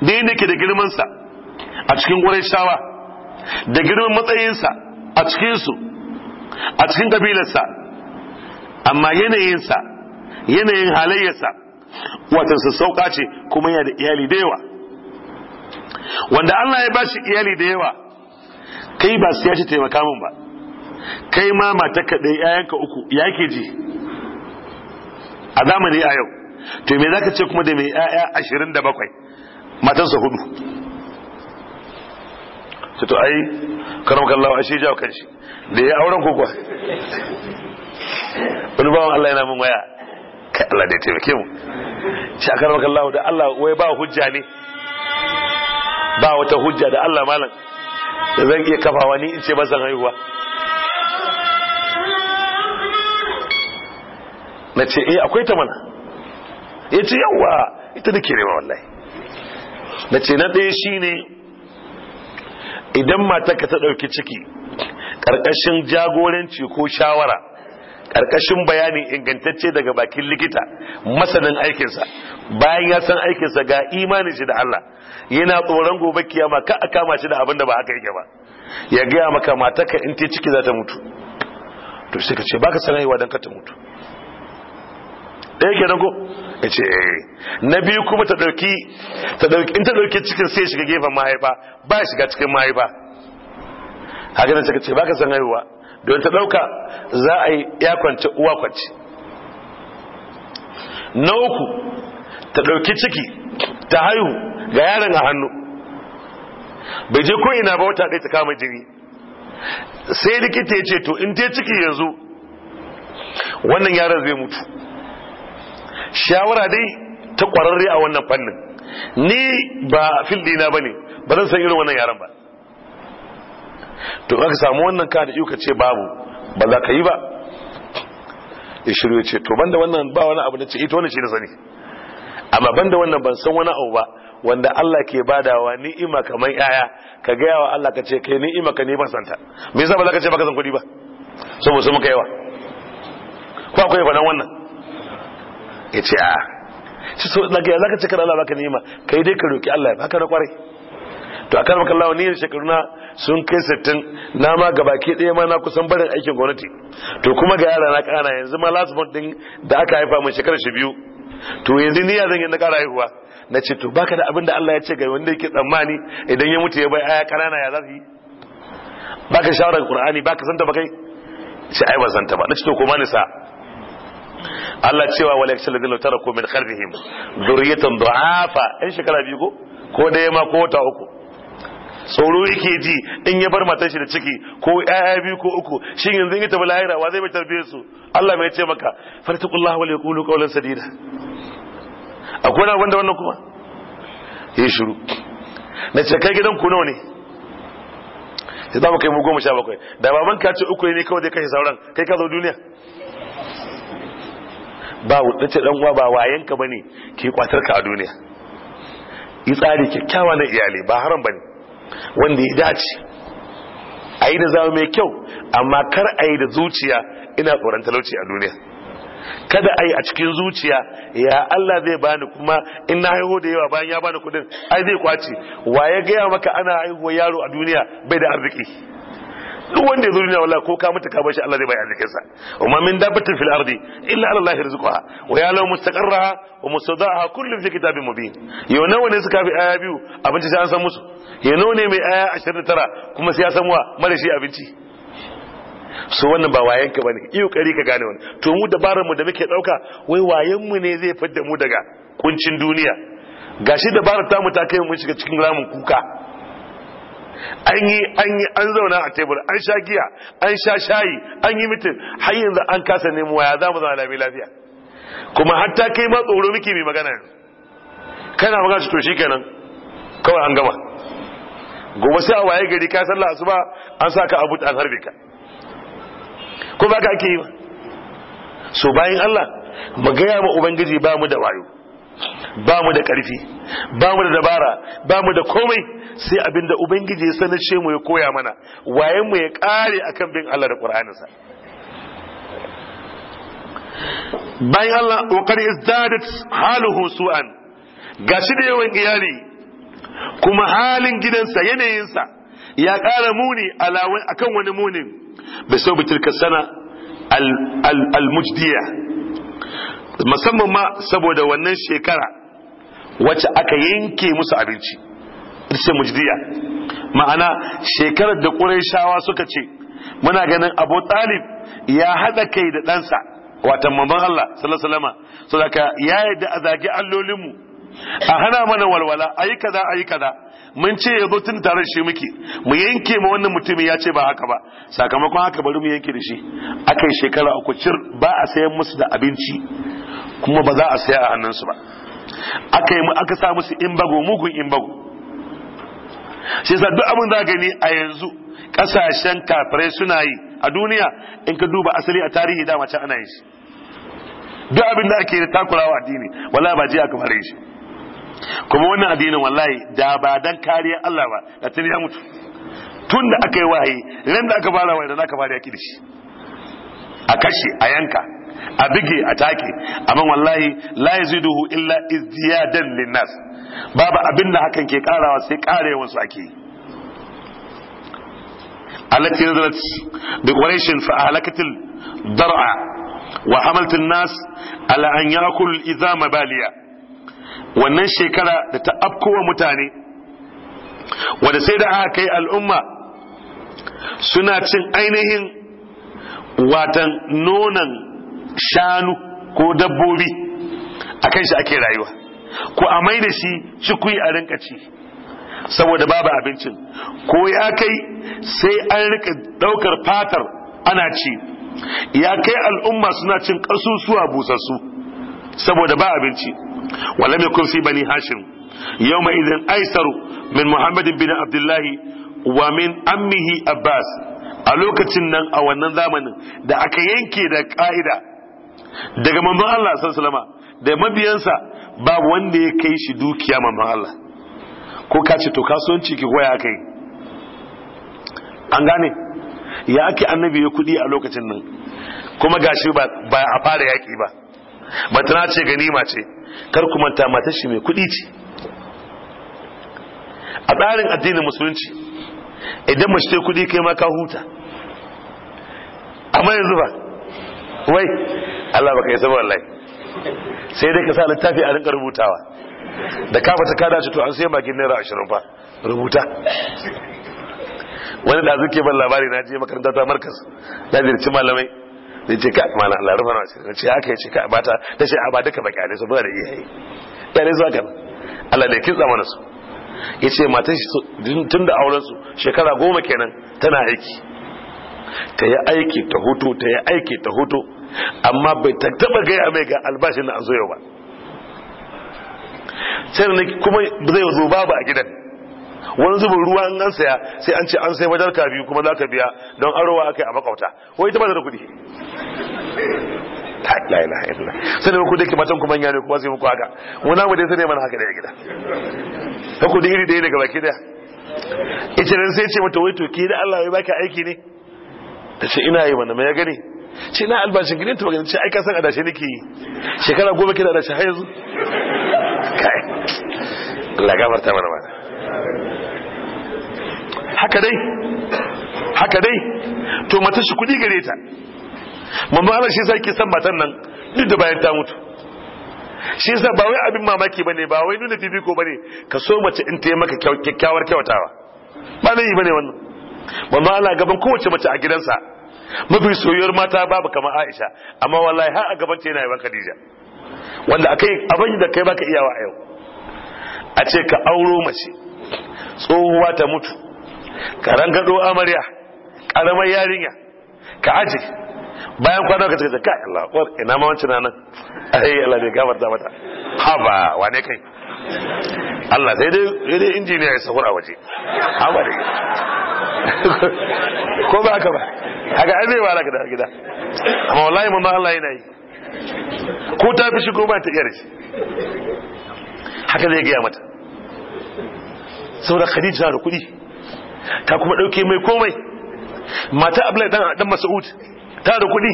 ne da inda yake da girmansa a cikin shawa, da girman matsayinsa a cikinsu a cikin kabilarsa amma yanayinsa yanayin halayyarsa wata sassauka ce kuma yana da iyali da yawa wanda Allah ya bashi iyali da yawa kai ba su ya ce taimaka min ba kai ma mata kaɗai yayanka uku ya ke ji a zamani a yau to me zaka ce kuma da mai ƴaƴa ashirin da bakwai matansa hudu ta to ai karam kallawa ashe jawo kanshi da ya auren ko wani bawan Allah yana min waya kai Allah da ya taimake mu shi a karam kallawa da Allah wai ba hujja ne ba wata hujja da Allah malam da zan iya kafawa ni in ce ba zan haihuwa na ce eh akwai ta mana ya ce yawa ita da ke rewa wallahi na ce na ɗaya shi ne idan matarka ta ɗauki ciki ƙarƙashin jagoranci ko shawara ƙarƙashin bayani ingantacce daga bakin likita masanin aikinsa bayan ya san aikinsa ga imani shi da Allah yana tsoron gobe kiyama ka a kama shi da abin da ba haka yake ba ya gaya maka matarka in ta ciki za ta mutu to sai ka ce baka san haihuwa don ka ta mutu ɗaya nan ko ya ce eh. na biyu kuma ta ɗauki in ta ɗauki cikin sai shiga gefen mahaifa ba shiga cikin mahaifa haka nan suka ce baka san haihuwa don ta ɗauka za a yi ya kwance uwa kwance na uku ta ɗauki ciki ta haihu ga yaron a hannu bai je ko ina ba wata ɗaya ta kama jini sai likita ya ce to in ta ciki yanzu wannan yaron zai mutu shawara dai ta kwararre a wannan fannin ni ba fildina bane ba zan san irin wannan yaran ba to ka samu wannan ka da ka ce babu ba za ka yi ba ya shiryo ce to banda wannan ba wani abu da ce ita wannan shi na sani amma banda wannan ban san wani abu ba wanda Allah ke badawa ni'ima kamar yaya ka gaya wa Allah ka ce kai ni'ima ka ne ban santa me yasa ba za ka ce baka san kuɗi ba saboda sun muka yawa ko akwai nan wannan ya ce a ci so daga yanzu ka zaka cikar Allah baka nima kai dai ka roki Allah baka na kwarai to akan maka Allah ne shekaru na sun kai 60 na ma gabaki ɗaya ma na kusan barin aikin gwamnati to kuma ga yara na kana yanzu ma last month din da aka haifa mun shekara shi biyu to yanzu ni ya zan na kara haihuwa na ce to baka da abin da Allah ya ce ga wanda yake tsammani idan ya mutu ya bai aya kanana ya zafi baka shawara Qur'ani baka santa ba kai sai ai ba santa ba na ce to ko ma ni sa Allah cewa wa laysa ladina taraku min khalfihim dhurriyatan du'afa in shekara biyu ko ko da ma ko ta uku tsoro yake ji in ya bar matar shi da ciki ko ƴaƴa biyu ko uku shin yanzu in ta bi lahira wa zai bai tarbiyar su Allah mai ce maka fartaqullahu wa yaqulu qawlan sadida akwai na wanda wannan kuma yi shiru na ce kai gidan ku nawa ne ya za mu kai mu goma sha bakwai da baban ka ce uku ne kawai dai kai sauran kai ka zo duniya ba wuce dan uwa ba wayanka bane ki kwatar ka a duniya yi tsari kyakkyawa na iyali ba haram bane wanda ya dace a yi da zama mai kyau amma kar a yi da zuciya ina tsoron talauci a duniya kada a yi a cikin zuciya ya Allah zai bani kuma in na haihu da yawa bayan ya bani kudin ai zai kwace wa ya gaya maka ana haihuwa yaro a duniya bai da arziki duk wanda ya zo duniya wallahi ko ka mutu ka bar shi Allah zai bai arzikin sa amma min dabbatin fil ardi illa ala Allah rizquha wa ya law mustaqarraha wa mustadaha kullu fi kitabin mubin yau nawa ne suka fi aya biyu abinci sai an san musu yau nawa ne mai aya 29 kuma sai ya san wa Mare shi abinci so wannan ba wayen ka bane iyo kari ka gane wannan to mu dabarar mu da muke dauka wai wayen mu ne zai fadda mu daga kuncin duniya gashi dabarar ta mu ta kai mu shiga cikin ramin kuka Anyi yi an zauna a tebur an sha giya an sha shayi an yi mitin har yanzu an kasa nemo ya za mu zama lafiya kuma hatta kai ma tsoro muke mai magana kana magana to kenan kawai an gama gobe sai a waye gari ka sallah asuba an saka abu an harbe ka ko ba ake yi ba so bayan Allah mu gaya ma ubangiji ba mu da wayo ba mu da ƙarfi ba mu da dabara ba mu da komai sai abin da ubangiji ya ce mu ya koya mana wayen mu ya ƙare akan bin Allah da ƙur'aninsa bayan Allah qad izdadat haluhu su'an gashi da yawan iyali kuma halin gidansa yanayinsa ya ƙara muni akan wani munin bai sau bitilka sana al-mujdiya musamman ma saboda wannan shekara wacce aka yanke musu abinci ita mujdiya ma'ana shekarar da ƙuraishawa suka ce muna ganin abu talib ya haɗa kai da ɗansa watan mamman Allah sallallahu alaihi wasallam saboda ya yarda a zagi allolinmu a hana mana walwala ayi kaza ayi kaza mun ce yazo tun tare shi muke mu yanke ma wannan mutumin ya ce ba haka ba sakamakon haka bari mu yanke da shi akai shekara uku cir ba a sayan musu da abinci kuma ba za a saya a hannun su ba akai mu aka sa musu bago mugun bago shi yasa duk abin da gani a yanzu kasashen kafirai suna yi a duniya in ka duba asali a tarihi dama can ana yi shi duk abin da ake takurawa addini wala ba je aka fara shi kuma wannan addinin wallahi da ba dan kariyar Allah ba da tun ya mutu tun da aka yi wahayi ran da aka fara wahayi da za ka fara yaki da shi a kashe a yanka a bige a take amma wallahi la yaziduhu illa izdiyadan linnas babu abin da hakan ke karawa sai karewan su ake التي نزلت بقريش فأهلكت الضرع وحملت الناس على أن يأكل الإزام بالية wannan shekara da ta afkowa mutane wadda sai da aka kai al'umma suna cin ainihin watan nonan shanu ko dabbobi a kan shi ake rayuwa ko a mai da shi cikui a rinka ci saboda babu abincin ko ya kai sai an rika daukar fatar ana ci ya kai al'umma suna cin ƙasusuwa busassu saboda ba abinci ولم يكن في بني هاشم يومئذ أيسر من محمد بن عبد الله ومن أمه أباس ألوكة نن أو نظام دا أكينكي دا قائدة daga manzon Allah sallallahu alaihi da mabiyansa babu wanda ya kai shi dukiya manzon Allah ko ka to kasuwanci ki goya kai an gane ya ake annabi ya kudi a lokacin nan kuma gashi ba a fara yaki ba batana ce ganima ce kar ku manta mata shi mai kuɗi ce a tsarin addinin musulunci idan mace ta kuɗi kai ma ka huta amma yanzu ba wai Allah baka yi sabon Allah sai dai ka sa littafi a rinka rubutawa da ka fata kada dace to an sai bakin naira ashirin fa rubuta wani da zuke ban labari na je makaranta ta markas na zirci malamai da ce kai mana Allah na ce ce haka ce kai bata ta ce a ba duka baki ne saboda da iyaye kare zuwa kan Allah da kitsa mana su yace matan shi tun da auren su shekara goma kenan tana aiki ta yi aiki ta hutu ta yi aiki ta hutu amma bai ta taba gaya mai ga albashin na an zo yau ba sai kuma zai zo babu a gidan wani zubin ruwa an saya sai an ce an sai madarka biyu kuma za ka biya don arowa aka yi a makauta wai ta ba da kudi la ilaha illa sai da ku dake matan kuma yare kuma sai muku haka wani na sai ne mana haka da gida ta kudi iri da daga baki daya ita nan sai ce mata wai to ki da Allah ya baki aiki ne ta ce ina yi mana mai gani ce na albashin gidan ta magana ce aika san adashi nake yi shekara goma kina da har yanzu kai Allah ta mana mana haka dai haka dai to mace shi kudi gare ta mamba Allah shi yasa yake san matan nan duk da bayan ta mutu shi yasa ba wai abin mamaki bane ba wai nuna fifiko bane ka so mace in ta yi maka kyakkyawar kyautawa ba zai yi bane wannan mamba Allah gaban kowace mace a gidansa mafi soyuwar mata babu kamar Aisha amma wallahi har a gaban ta yana yawan Khadija wanda akai abin da kai baka iyawa a yau a ce ka auro mace tsohuwa ta mutu karan gado amarya karamar yarinya ka aji bayan kwana ka ce kai Allah war ina ma wancin nan ai Allah bai gafarta mata haba wane kai Allah sai dai sai dai injiniya ya sahura waje haba dai ko ba ka ba haka ai bai wala ka da gida amma wallahi mun Allah yana yi ko ta fi shigo ko ba ta iya shi haka zai gaya mata saboda khadija da kuɗi ta kuma ɗauke mai komai mata abulai dan ta da kuɗi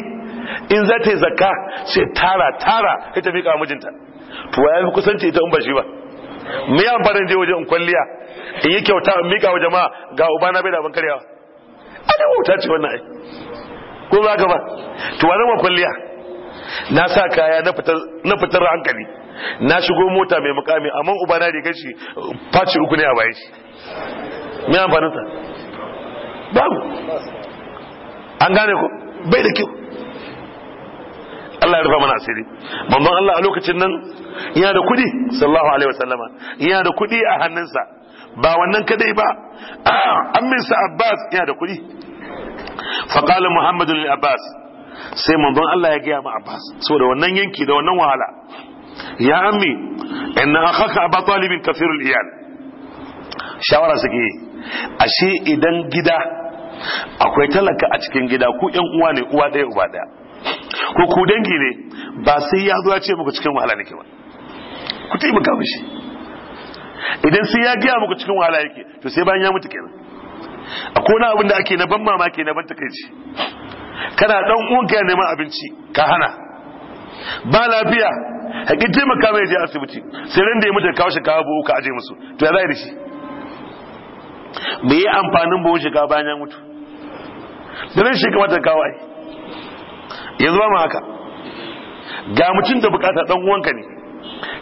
in za ta yi zakka sai tara tara sai ta miƙa mijinta to ya fi kusanci ita in ba shi ba me ya amfani je waje in kwalliya in yi kyauta in miƙa wa jama'a ga uba na bai da abin karyawa ana wuta ce wannan ai ko za ka ba to wa zama kwalliya na sa kaya na fitar hankali na shigo mota mai mukami amma uba na rigar shi faci uku ne a bayan shi me amfanin sa babu an gane ku bai da kyau Allah ya rufa mana asiri mamban Allah a lokacin nan ya da kudi sallallahu alaihi wasallama Ya da kudi a hannunsa ba wannan kadai ba amin ah, sa Abbas ya da kudi faqala Muhammadu lil Abbas sai mamban Allah ya gaya ma Abbas saboda wannan yanki da wannan wahala ya ammi inna akhaka Abu Talib kathirul iyal shawara suke ashe idan gida akwai talaka a cikin gida ku yan uwa ne uwa ɗaya uba ɗaya ko ku dangi ne ba sai ya zo ya ce muku cikin wahala nake ba ku taimaka mishi idan sai ya gaya muku cikin wahala yake to sai bayan ya mutu kenan akwai wani abin da ake na ban mamaki na ban takaici kana dan uwan ya neman abinci ka hana ba lafiya haƙi taimaka mai je asibiti sai ran da ya mutu kawo shi kawo buhu ka aje musu to ya zai da shi Mu yi amfanin buhun shiga bayan ya mutu da nan shiga kamata kawo ya zuwa ma haka ga mutum da bukata dan uwanka ne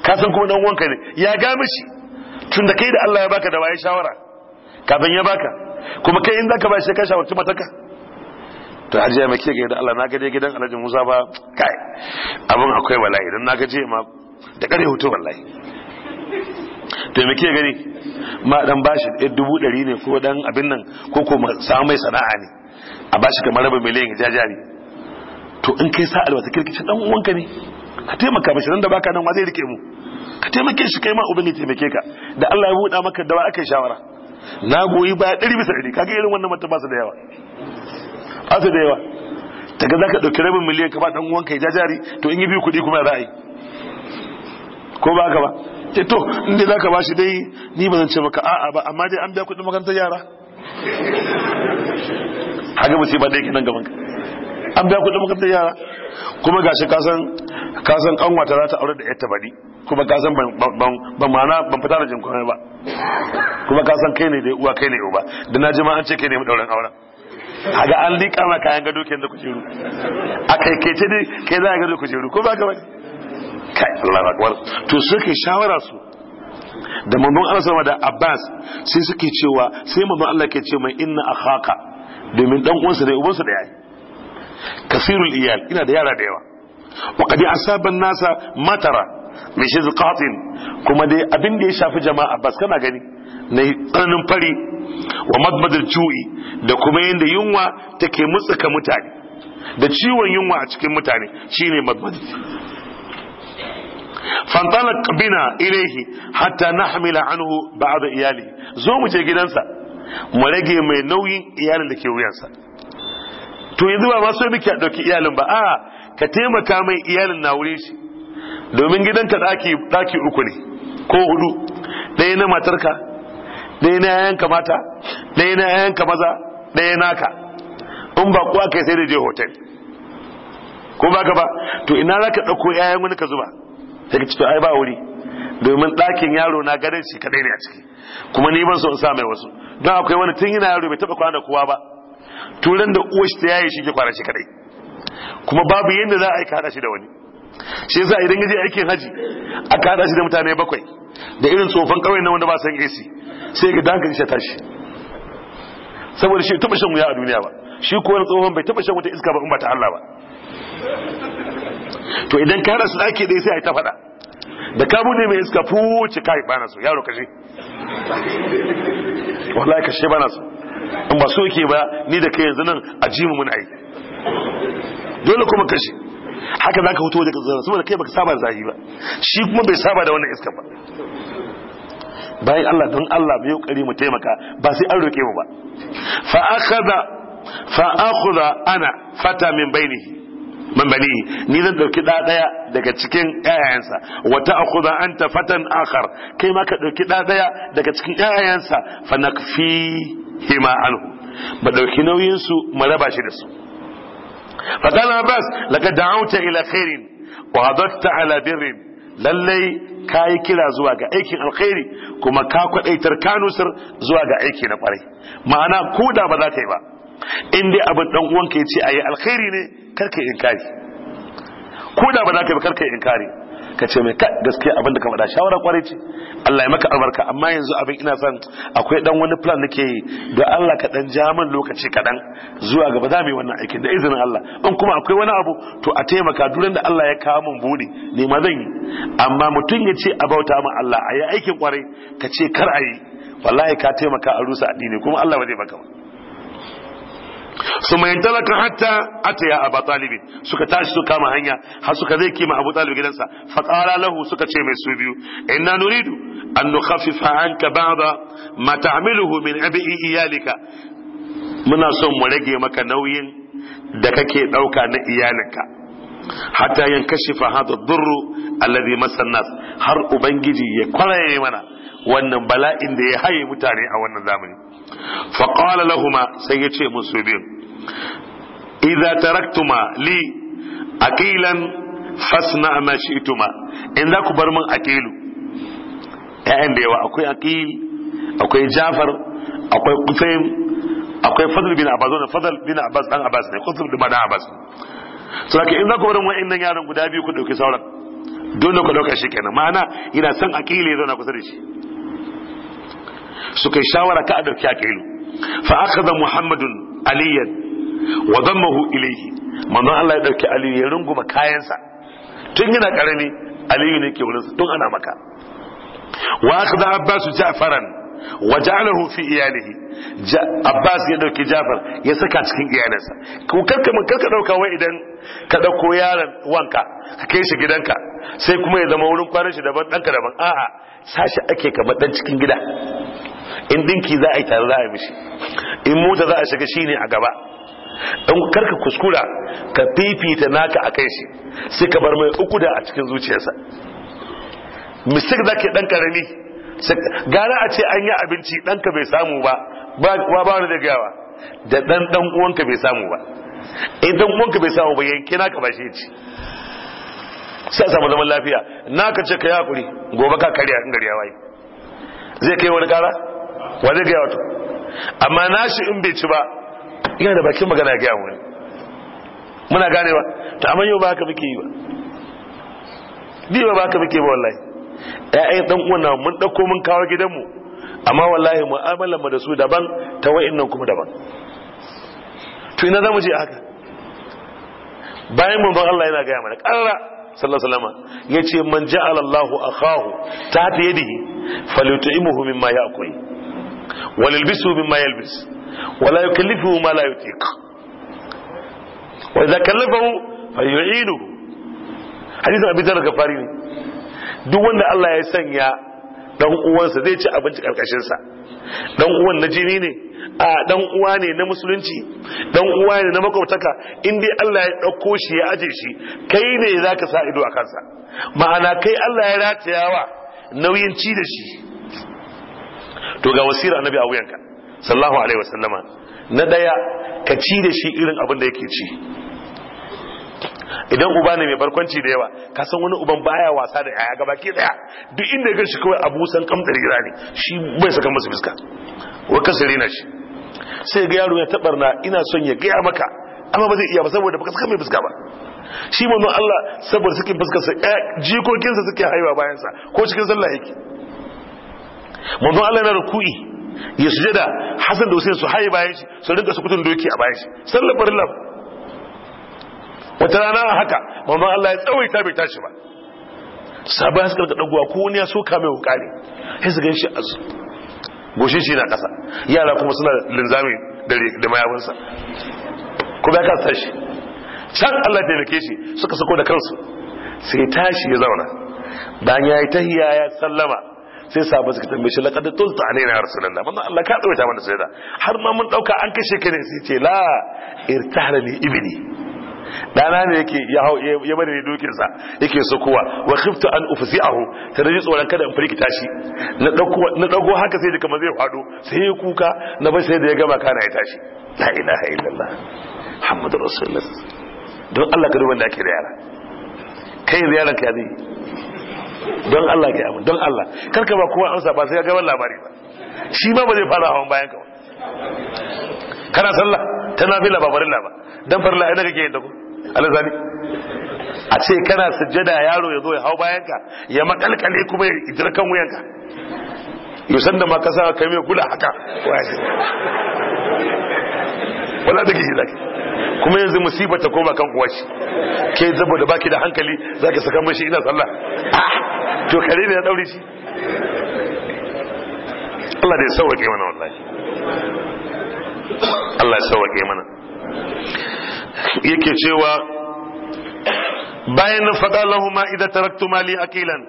ka san kuma dan uwanka ne ya ga mishi tun da kai da Allah ya baka da waye shawara kafin ya baka kuma kai in zaka ba shi ka shawarci mataka to hajiya mai kike da Allah na gaje gidan Alhaji Musa ba kai abin akwai wallahi dan na gaje ma da kare hoto wallahi to me ke gani ma dan bashi ɗaya dubu ɗari ne ko dan abin nan ko ko samu mai sana'a ne a bashi kamar rabin miliyan jajari to in kai sa albasa kirkice dan uwanka ne ka taimaka mashi nan da baka nan ma zai rike mu ka taimake shi kai ma ubangiji taimake ka da Allah ya buɗa maka dawa akai shawara na goyi ba ɗari bisa ɗari kaga irin wannan mata ba su da yawa ba su da yawa ta ga zaka ɗauki rabin miliyan ka ba ɗan uwanka ya jajari to in yi biyu kuɗi kuma za a yi ko ba ka ba ce to inda za ka bashi dai ni ba zan ce maka a'a ba amma dai an biya kudin makarantar yara haka ba sai ba dai kenan gaban ka an biya kudin makarantar yara kuma gashi kasan kasan kanwa ta za aure da yatta bari kuma kasan ban ma'ana ban fita da jinkon ba kuma kasan kai ne dai uwa kai ne uba da na ji ma an ce kai ne mu dauran auren haga an liƙa ma kayan gado kenan da kujeru a Kece dai kai za a gado kujeru ko ba ka bane kai Allah akbar to suka shawara su da manzon Allah sama da Abbas sai suke cewa sai manzon Allah ke ce mai inna akhaka domin dan uwansa da ubansa da yayi kasirul iyal ina da yara da yawa wa qad asaban nasa matara mai shi qatin kuma dai abin da ya shafi jama'a Abbas kana gani na tsananin fari wa madmadar ju'i da kuma yadda yunwa take mutsuka mutane da ciwon yunwa a cikin mutane shine madmadar fantalaq bina ilaihi hatta anuhu ba ba'd iyali zo mu je gidansa mu rage mai nauyin iyalin da ke wuyansa to yanzu ba ma so muke dauki iyalin ba a ka taimaka mai iyalin na wurin shi domin gidanka daki daki uku ne ko huɗu? ɗaya na matarka ɗaya na yayanka mata ɗaya na yayanka maza ɗaya naka in ba kuwa kai sai je hotel ko ba ka ba to ina za ka ɗauko yayan wani ka zuba sai ka ci to ai ba wuri domin ɗakin yaro na gadon shi kadai ne a ciki kuma ni ban so in sa mai wasu don akwai wani tun yana yaro bai taba kwana da kowa ba turan da uwa shi ta yaye shi ke kwana shi kadai kuma babu yadda za a yi kada shi da wani shi yasa idan yaje aikin haji aka hada shi da mutane bakwai da irin tsofan ƙauyen na wanda ba san AC sai ga dankan shi tashi saboda shi taɓa shan wuya a duniya ba shi kowane tsohon bai taba shan wata iska ba in ba ta Allah ba to idan ka rasu ɗaki dai sai a yi ta faɗa da ka bude mai iska fuce kai bana so yaro kashe wallahi kashe bana so in ba so ke ba ni da kai yanzu nan a ji mu mun ai dole kuma kashe haka zaka hoto da zara saboda kai baka saba da zahi ba shi kuma bai saba da wannan iska ba bayan Allah don Allah bai kokari mu taimaka ba sai an roke mu ba fa akhadha fa akhadha ana fata min bainihi mambali ni zan dauki da daya daga cikin ƴaƴansa wa ta'khudha anta fatan akhar kai ma ka dauki da daya daga cikin ƴaƴansa fa hima anhu ba dauki nauyin su mu raba shi da su fa kana bas laka da'awta ila khairin wa hadatta ala birrin lallai ka yi kira zuwa ga aikin alkhairi kuma ka kwadaitar kanusar zuwa ga aiki na kwarai ma'ana ko da ba za ka yi ba in dai abin dan uwanka ya ce a yi alkhairi ne karka inkari ko da ba za ka yi karka inkari ka ce mai gaskiya abin da ka faɗa shawara kwarai ce Allah ya maka albarka amma yanzu abin ina son akwai dan wani plan nake yi da Allah ka dan ja min lokaci kaɗan zuwa gaba za mu yi wannan aikin da izinin Allah in kuma akwai wani abu to a taimaka duran da Allah ya kawo min buri ne ma zan yi amma mutum ya ce a bauta ma Allah a yi aikin kwarai ka ce kar a yi wallahi ka taimaka a rusa addini kuma Allah ba zai baka ba su mai talaka hatta ata ya abu talibin suka tashi su kama hanya har suka zai kima abu talib gidansa fatsara lahu suka ce mai su biyu ina nuridu an nukhaffifa anka ba'da ma ta'miluhu min abi iyalika muna son mu rage maka nauyin da kake ɗauka na iyalinka hatta yankashifa kashe ad-durru alladhi massa nas har ubangiji ya kwaraye mana wannan bala'in da ya haye mutane a wannan zamani faƙala lahuma sai ya ce musu biyu idza taraktuma li aqilan fasna ma shi'tuma in za ku bar min aqilu ƴaƴan da yawa akwai aqil akwai jafar akwai qusaym akwai fadl bin abbas wannan fadl bin abbas dan abbas ne qusaym bin abbas saboda in za ku bar min wa'annan yaran guda biyu ku dauki sauran dole ku dauka kenan ma'ana ina san aqili zauna kusa da shi suka shawara ka a dauki aqilu fa akhadha muhammadun aliyan wa dammahu ilayhi manzon Allah ya dauki aliyu ya runguma kayansa tun yana karami aliyu ne ke wurin tun ana maka wa akhadha abbas ja'faran wa ja'alahu fi iyalihi abbas ya dauki ja'far ya saka cikin iyalansa ko karka mun karka dauka wai idan ka dauko yaron wanka ka kai shi gidanka sai kuma ya zama wurin kwanan shi daban danka daban a'a sashi ake kamar dan cikin gida in dinki za a yi tare za a yi mishi in mota za a shiga shine a gaba in karka kuskura ka fifita naka a kai shi sai ka bar mai uku da a cikin zuciyarsa mistik za ke dan karami gara a ce an yi abinci ɗanka bai samu ba ba ba da gawa da ɗan ɗan uwanka bai samu ba in ɗan uwanka bai samu ba yanke naka ba shi ci sai a samu zaman lafiya naka ce ka yi hakuri gobe ka karya in waye zai kai wani kara wa zai gaya wato amma shi in bai ci ba yana da bakin magana gaya wani muna gane ba. ta amma yau ba haka muke yi ba biyu ba haka muke ba wallahi ƴaƴan dan uwan mun dauko mun kawo gidanmu amma wallahi mu'amalar mu da su daban ta nan kuma daban to ina zamu je haka bayan ban Allah yana gaya mana karra sallallahu alaihi wasallam yace man ja'ala Allahu akhahu ta yadihi falyut'imuhu mimma ya'kul وللبسه مما يلبس ولا يكلفه ما لا يطيق وإذا كلفه فيعينه حديث أبي ذر الغفاري duk wanda Allah ya sanya dan uwansa zai ci abinci karkashin sa dan uwan na jini ne a dan uwa ne na musulunci dan uwa ne na makwabtaka in dai Allah ya dauko shi ya aje shi kai ne zaka sa ido a kansa ma'ana kai Allah ya ratayawa nauyin ci da shi to ga wasira annabi a wuyanka sallallahu alaihi wasallama na daya ka ci da shi irin abin da yake ci idan uba ne mai barkwanci da yawa ka san wani uban baya wasa da yaya gabaki daya duk inda ya shi kawai abu san kamtar gida ne shi bai saka masa fuska wa kasare na shi sai ga yaro ya tabarna ina son ya gaya maka amma ba zai iya ba saboda baka saka mai fuska ba shi manzon Allah saboda suke fuskar sa eh, jikokin sa suke haihuwa bayan sa ko cikin sallah yake manzon Allah yana ruku'i ya sujada Hassan da Hussein su haye bayan shi su rinka kutun doki a bayan shi sallar farilla wata rana haka manzon Allah ya tsawaita bai tashi ba sabai haskar da dagowa ko wani ya soka mai wuka ne sai su ganshi a goshin shi na kasa yara kuma suna linzami da mayabansa kuma ya kasa tashi can Allah ya taimake shi suka sako da kansu sai tashi ya zauna bayan ya yi tahiya ya sallama sai sahabbai suka tambaye shi laqad tulta alaina ya rasulullah manzo Allah ka tsawaita mana da. har ma mun dauka an kashe ka ne sai ce la irtahla li ibni dana ne yake ya hau ya bari ne dukin sa yake kuwa, wa khiftu an ufsi'ahu ta da tsoron kada in firki tashi na dauko na dauko haka sai da kamar zai fado sai ya kuka na bar sai da ya gama kana ya tashi la ilaha illallah muhammadur rasulullah don Allah ka duba da ake da yara kai ziyarar ka zai don Allah ke yamin don Allah karka ba kowa amsa ba sai ya gaban labari ba shi ma ba zai fara hawan bayan ka kana sallah ta nafila ba farilla ba dan farilla ina kake yadda ku alazani a ce kana sujjada yaro ya zo ya hau bayan ka ya makalkale kuma ya wuyan ka yusan da ma kasa kai mai kula haka wala take shi zaki kuma yanzu musiba ta koma kan uwashi ke zaba da baki da hankali za ka saka mashi ina sallah ah, to kare ne ya daure shi Allah da ya sauke mana wallahi Allah ya sauke mana yake cewa bayan faɗa lahuma idan taraktu mali akilan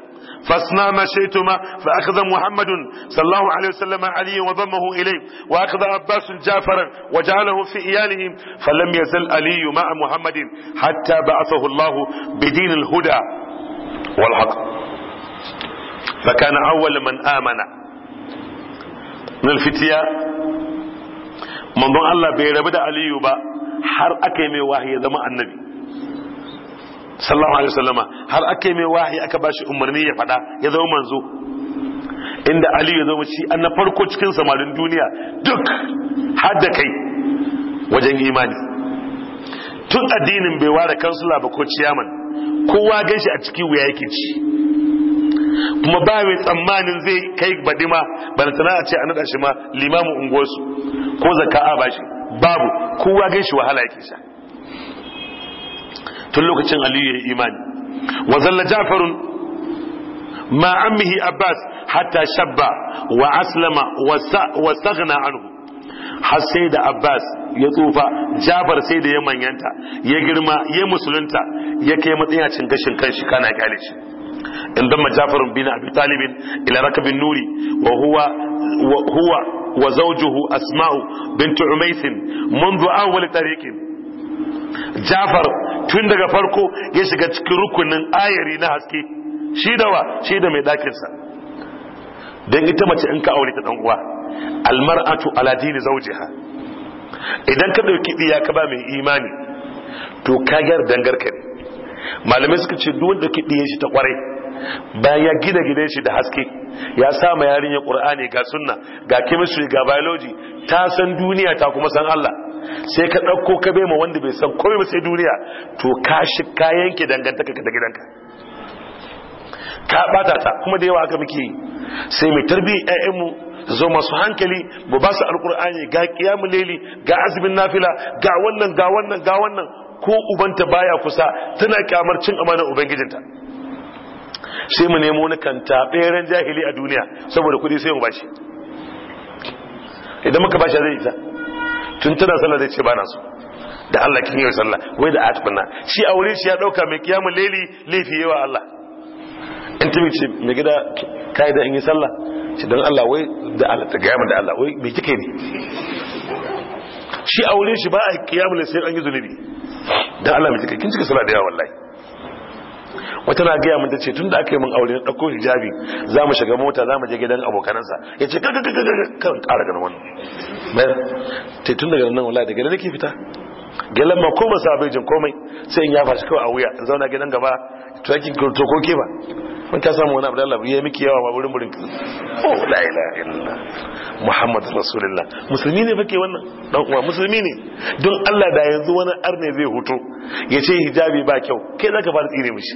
فاصنع ما شئتما فأخذ محمد صلى الله عليه وسلم علي وضمه إليه وأخذ عباس جعفرا وجعله في إياله فلم يزل علي مع محمد حتى بعثه الله بدين الهدى والحق فكان أول من آمن من الفتية من الله بيربد علي با حر أكيمي وهي mai النبي sallallahu alaihi wasallama har aka mai wahayi aka bashi umarni ya faɗa ya zama manzo inda ali ya zama shi an na farko cikin samarin duniya duk har da kai wajen imani tun addinin bai ware kansula ba ko ciyaman kowa ganshi a ciki wuya yake ci kuma ba mai tsammanin zai kai badima bana tana a ce a naɗa shi ma limamin unguwarsu ko zakka a bashi babu kowa ganshi wahala yake sha tun lokacin aliyu ya imani wa zalla ja'farun ma ammihi abbas hatta shabba wa aslama wa staghna anhu har sai da abbas ya tsufa jabar sai da ya manyanta ya girma ya musulunta ya kai matsayin cin gashin kanshi kana kyale shi indamma ja'farun bin abi talibin ila rakabin nuri wa huwa huwa wa zawjuhu asma'u bint umays منذ اول tariqin Jafar tun daga farko ya shiga cikin rukunin ayari na haske shi da wa shi da mai ɗakinsa don ita mace in ka aure ta ɗan uwa almar'atu ala dini zawjiha idan ka ɗauki diya ka ba mai imani to ka gyara dangar ka malamai suka ce duk wanda ke ɗiye shi ta kwarai bayan ya gina gidan shi da haske ya sama ma yarinya ƙur'ani ga sunna ga chemistry ga biology ta san duniya ta kuma san Allah sai ka ɗauko ka bai ma wanda bai san komai ba sai duniya to ka shi kayan ke dangantaka ka da gidanka ka bata ta kuma da yawa aka muke sai sai mai tarbi ƴaƴanmu zo masu hankali mu ba su alkur'ani ga kiyamu leli ga azumin nafila ga wannan ga wannan ga wannan ko ubanta baya kusa tana kyamar cin amanar ubangijinta sai mu nemo wani kanta ɓeren jahili a duniya saboda kuɗi sai mu bashi idan muka bashi zai isa tun tana sallah zai ce bana so da Allah kin yi sallah wai da na shi aure shi ya dauka mai kiyamul laili lafi yawa Allah in tumi ce mai gida kai da in yi sallah ce dan Allah wai da Allah ta gaya da Allah wai me kike ne shi aure shi ba a kiyamul sai an yi zunubi dan Allah mai kike kin cika sallah da yawa wallahi wata na gaya mun tace tunda aka yi mun aure na dauko hijabi za mu shiga mota za mu je gidan abokanansa ya ce kan ƙara ganin wannan bayan te tun daga nan wallahi daga nake fita gelan ma ko ba jin komai sai in ya fashi kawai a wuya in zauna gidan gaba tracking yake to ko ke ba mun ka samu wani abu da Allah ya miki yawa ba burin burin oh la ilaha illallah muhammad rasulullah musulmi ne fake wannan dan uwa musulmi ne don Allah da yanzu wani arne zai huto ya ce hijabi ba kyau kai zaka fara tsire mishi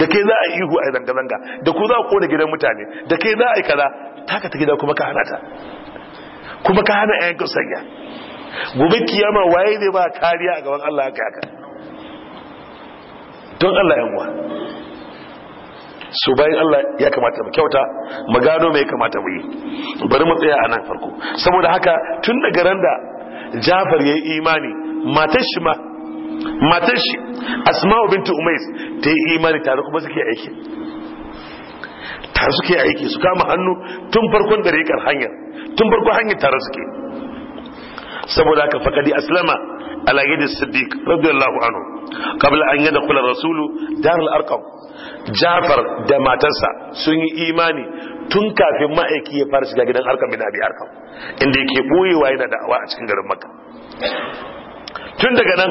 da kai za a yi ihu a zanga zanga da ku za ku kona gidan mutane da kai za a yi kaza taka ta gida kuma ka hana ta kuma ka hana ayyukan sanya gobe kiyama waye ne ba kariya a gaban Allah haka haka don Allah yan uwa su bayan Allah ya kamata mu kyauta mu gano mai kamata mu yi bari mu tsaya a nan farko saboda haka tun daga ran da Jafar ya yi imani matar shi ma matar shi Asma'u bintu Umais ta yi imani tare kuma suke aiki tare suke aiki su kama hannu tun farkon da rekar hanyar tun farkon hanyar tare suke saboda haka fakadi aslama ala yadi siddiq radiyallahu anhu qabla an yadkhula rasulu darul arqam jafar da matarsa sun yi imani tun kafin ma'aiki ya fara shiga gidan arkan bin abi arkan inda yake boyewa yana da'awa a cikin garin makka tun daga nan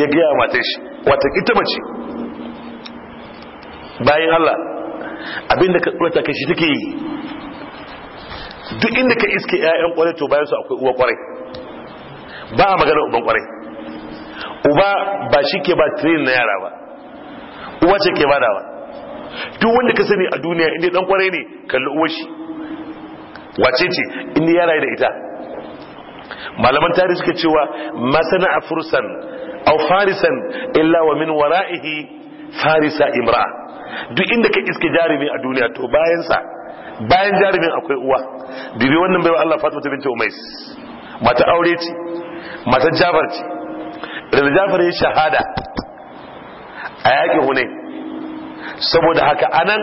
ya gaya matan shi wata ita mace bayan allah abinda ka tsorata kai shi take yi duk inda ka iske ƴaƴan kwarai to bayan su akwai uwa kwarai ba a magana uban kwarai uba ba shi ke ba tirin na yara ba uwa ce ke dawa. duk wanda ka sani a duniya inda dan kwarai ne kalli uwa shi wace ce inda yara da ita malaman tarihi suka cewa masana a fursan au farisan illa wa min wara'ihi farisa imra duk inda ka iske jarumi a duniya to bayansa bayan jarumin akwai uwa bibi wannan baiwa Allah Fatima ta binti Umais mata aure ce mata Jafar ce da Jafar ya shahada a yaƙi hune saboda haka anan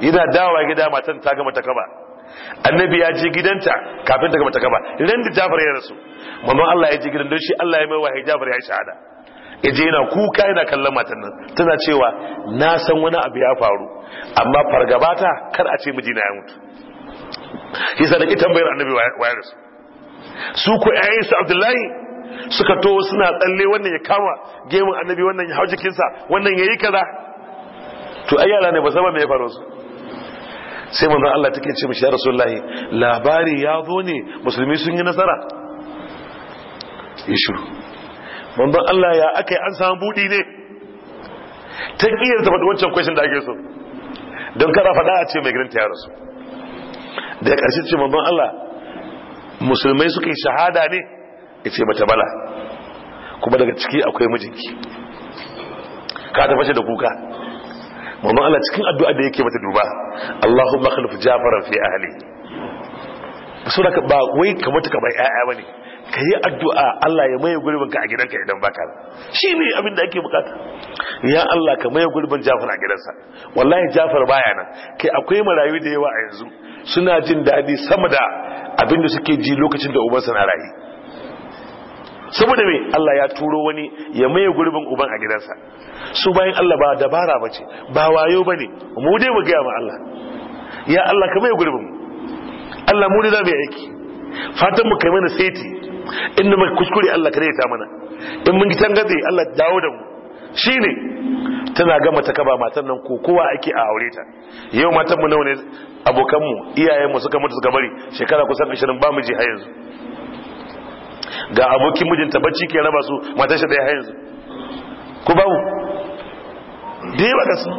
yana dawowa gida matan ta gama ta kaba annabi ya je gidanta kafin ta gama ta kaba ran da Jafar ya rasu manzon Allah ya je gidan don shi Allah ya mai wa hijabar ya shahada ya je yana kuka yana kallon matan nan tana cewa na san wani abu ya faru amma fargabata kar a ce miji na ya mutu yasa da ki tambayar annabi wayarsu su ko su abdullahi suka to suna tsalle wannan ya kama gemun annabi wannan ya hau jikinsa wannan yayi kaza to ai yara ne ba me ya faru su sai manzon Allah take ce mishi ya rasulullahi labari ya zo ne musulmi sun yi nasara ya manzon Allah ya aka yi an samu buɗi ne ta ƙiyar ta faɗi wancan kwashin da ake so don kada faɗa a ce mai gidan ta ya rasu da ya ƙarshe ce manzon Allah musulmai suka yi shahada ne ya ce mata bala kuma daga ciki akwai mijinki ka ta fashe da kuka manzon Allah cikin addu'a da yake mata duba Allahumma khalif jafaran fi ahli ka ba wai kamata ka bai ƴaƴa bane ka yi addu'a Allah ya maye ka a gidanka idan baka shi ne abin da ake bukata ya Allah ka maye gurbin Jafar a gidansa wallahi Jafar baya nan kai akwai marayu da yawa a yanzu suna jin daɗi sama da abin da suke ji lokacin da ubansa na rayu saboda me Allah ya turo wani ya maye gurbin uban a gidansa su bayan Allah ba dabara bace ba wayo bane mu dai mu ga ma Allah ya Allah ka maye gurbin Allah mu ne za mu yi aiki fatan mu kai mana seti in mai kuskure Allah kare ta mana in mun gitan gaze Allah dawo da mu shine tana gama ta kaba matan nan ko kowa ake a aure ta yau matan mu nawa ne abokan mu iyayen mu suka mutu suka bari shekara kusan 20 ba mu ji har yanzu ga abokin mijinta bacci ke raba su matan shi da har yanzu ku ba mu da yawa da su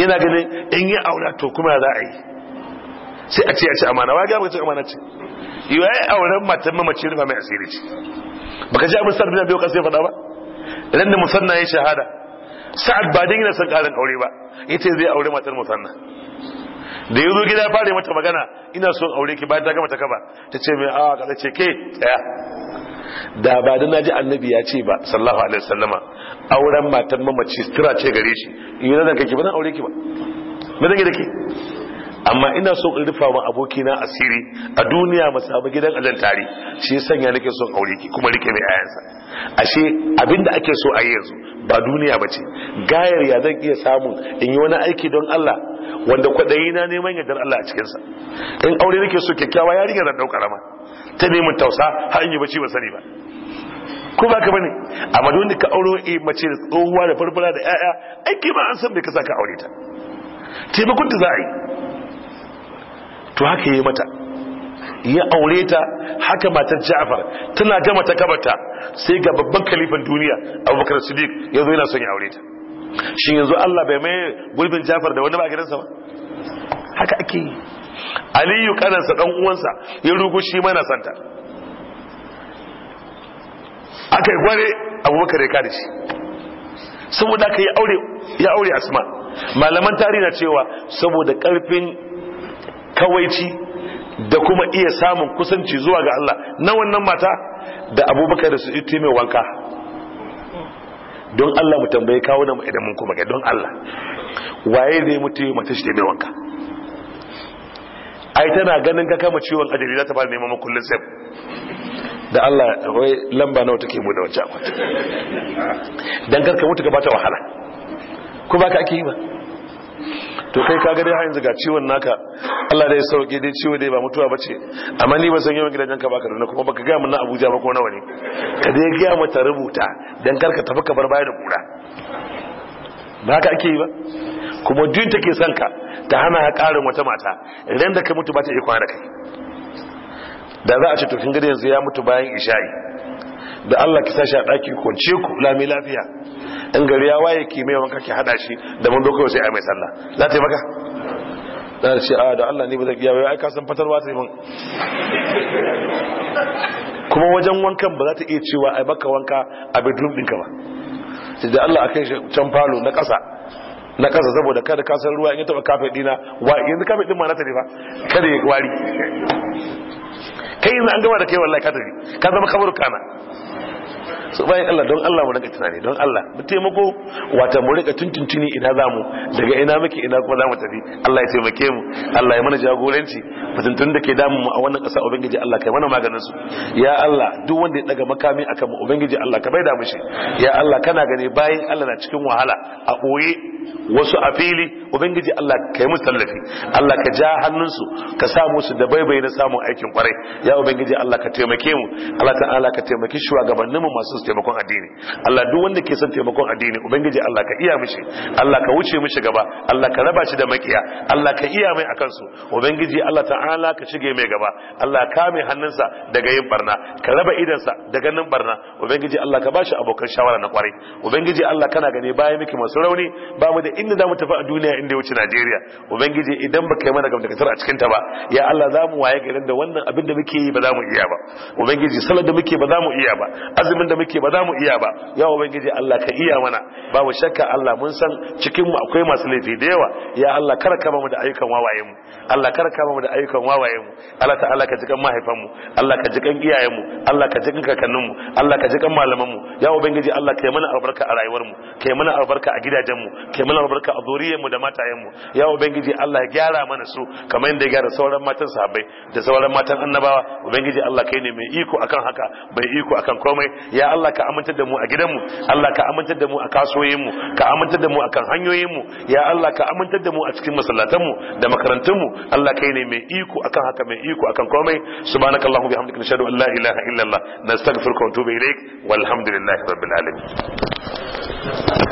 yana ganin in yi aure to kuma za a yi sai a ce a ce amana wa ga mu ce amana ce yau ya yi auren matan mamaci rufa mai asiri ce baka ji abin sarfina biyu kasai faɗa ba idan da musanna ya shahada sa'ad ba dan yana son karin aure ba ita zai aure matar musanna da ya zo gida fara mata magana ina son aure ki bayan ta gama ta kaba ta ce mai awa kaza ce ke tsaya da ba da naji annabi ya ce ba sallallahu alaihi wasallama auren matan mamaci sutura ce gare shi in yi zan kake ba zan aure ki ba me zan da ke amma ina so in rufa wa abokina asiri a duniya mu samu gidan aljan tare shi sanya nake son aure ki kuma rike mai ayansa ashe abinda ake so a yanzu ba duniya bace gayar ya zan iya samu in yi wani aiki don Allah wanda kwadayi na neman yardar Allah a cikin sa in aure nake so kyakkyawa ya rike da dauka ta neman tausa har in yi bace ba sani ba ko ba ka bane amma don ka aure eh mace da tsohuwa da farfara da yaya aiki ba an san me kasa ka aure ta taimakon da za a yi to haka yi mata ya aure ta haka matar Ja'far tana gama ta kabata sai ga babban kalifan duniya Abubakar Siddiq yanzu yana son ya aure ta shin yanzu Allah bai mai gurbin Ja'far da wani ba a gidansa ba haka ake yi Aliyu kanansa dan uwansa ya rugu shi mana santa aka yi gware Abubakar ya kare shi saboda aka yi aure ya aure Asma malaman tarihi na cewa saboda karfin kawaici da kuma iya samun kusanci zuwa ga Allah na wannan mata da abubakar da su ita mai wanka don Allah mu tambaye kawo na idan mun kuma ga don Allah waye zai mutu mata shi mai wanka ai tana ganin ga kama ciwon ajali za ta fara neman makullin sai da Allah wai lamba nawa take mu da wancan akwai dan karka mutu ka bata wahala ko ka ake yi ba to kai ka ga dai har yanzu ga ciwon naka Allah dai sauke dai ciwo dai ba mutuwa bace amma ni ba san yawan gidajen ka baka kuma baka ga mun na Abuja ba ko nawa ne ka dai ga mata rubuta dan kar tafi ka bar baya da kura ba haka ake yi ba kuma duk take san ka ta hana karin wata mata idan da ka mutu ba ta iko da kai da za a ce to kin yanzu ya mutu bayan isha'i da Allah ki sashi a daki kwance ku lami lafiya in gari ya waye ki mai wanka ki hada shi da mun dokar sai a mai sallah za ta yi maka da ta ce a da Allah ne ba zai iya ai ka san fatarwa ta yi mun kuma wajen wankan ba za ta iya cewa a baka wanka a bedroom ɗinka ba sai da Allah kai shi can falo na ƙasa na ƙasa saboda kada ka san ruwa in ya taɓa kafet ɗina wa yanzu kafet ɗin ma na ta ne ba kada ya wari kai yanzu an gama da kai wallahi ka tafi ka zama kamar kana su bayan Allah don Allah mu rika tunani don Allah mu taimako wata mu rika tuntuntuni ina zamu daga ina muke ina kuma zamu tafi Allah ya taimake mu Allah ya mana jagoranci fitintun da ke damu mu a wannan ƙasa ubangiji Allah kai mana maganin su ya Allah duk wanda ya daga makami akan mu ubangiji Allah ka bai da mushi ya Allah kana gani bayan Allah na cikin wahala a koye wasu a fili ubangiji Allah kai musu tallafi Allah ka ja hannunsu ka sa musu da baibai na samun aikin kwarai ya ubangiji Allah ka taimake mu Allah Allah ka taimaki shugabannin mu masu taimakon addini Allah duk wanda ke son taimakon addini ubangiji Allah ka iya mishi Allah ka wuce mishi gaba Allah ka raba shi da makiya Allah ka iya mai akan su ubangiji Allah Allah ka shige mai gaba Allah ka mai hannunsa daga yin barna ka raba idansa daga nan barna ubangiji Allah ka bashi abokan shawara na kwarai ubangiji Allah kana gane bayan miki masu rauni ba mu da inda za mu tafi a duniya inda ya wuce Najeriya ubangiji idan baka yi mana gamdakatar a cikinta ba ya Allah za mu waye garin da wannan abin da muke yi ba za mu iya ba ubangiji salar da muke ba za mu iya ba azumin da muke ba za mu iya ba ya ubangiji Allah ka iya mana babu shakka Allah mun san cikin mu akwai masu laifi da yawa ya Allah kar ka ba mu da ayyukan wawayen mu Allah kar ka mu da ayyukan wawaye mu Allah ta'ala ka jikan mahaifan mu Allah ka jikan iyayen mu Allah ka jikan kakannin mu Allah ka jikan malaman mu ya ubangiji Allah ka yi mana albarka a rayuwar mu ka yi mana albarka a gidajen mu ka kai mana barka a zuriyar da matayen ya ubangiji Allah ya gyara mana su kamar yadda ya gyara sauran matan sahabbai da sauran matan annabawa ubangiji Allah kai ne mai iko akan haka bai iko akan komai ya Allah ka amintar da mu a gidanmu Allah ka amintar da mu a kasuwoyinmu ka amintar da mu akan hanyoyinmu ya Allah ka amintar da mu a cikin masallatanmu da makarantunmu Allah kai ne mai iko akan haka mai iko akan komai subhanakallahu bihamdika nashhadu an la ilaha illa Allah nastaghfiruka wa natubu ilaik walhamdulillahi rabbil alamin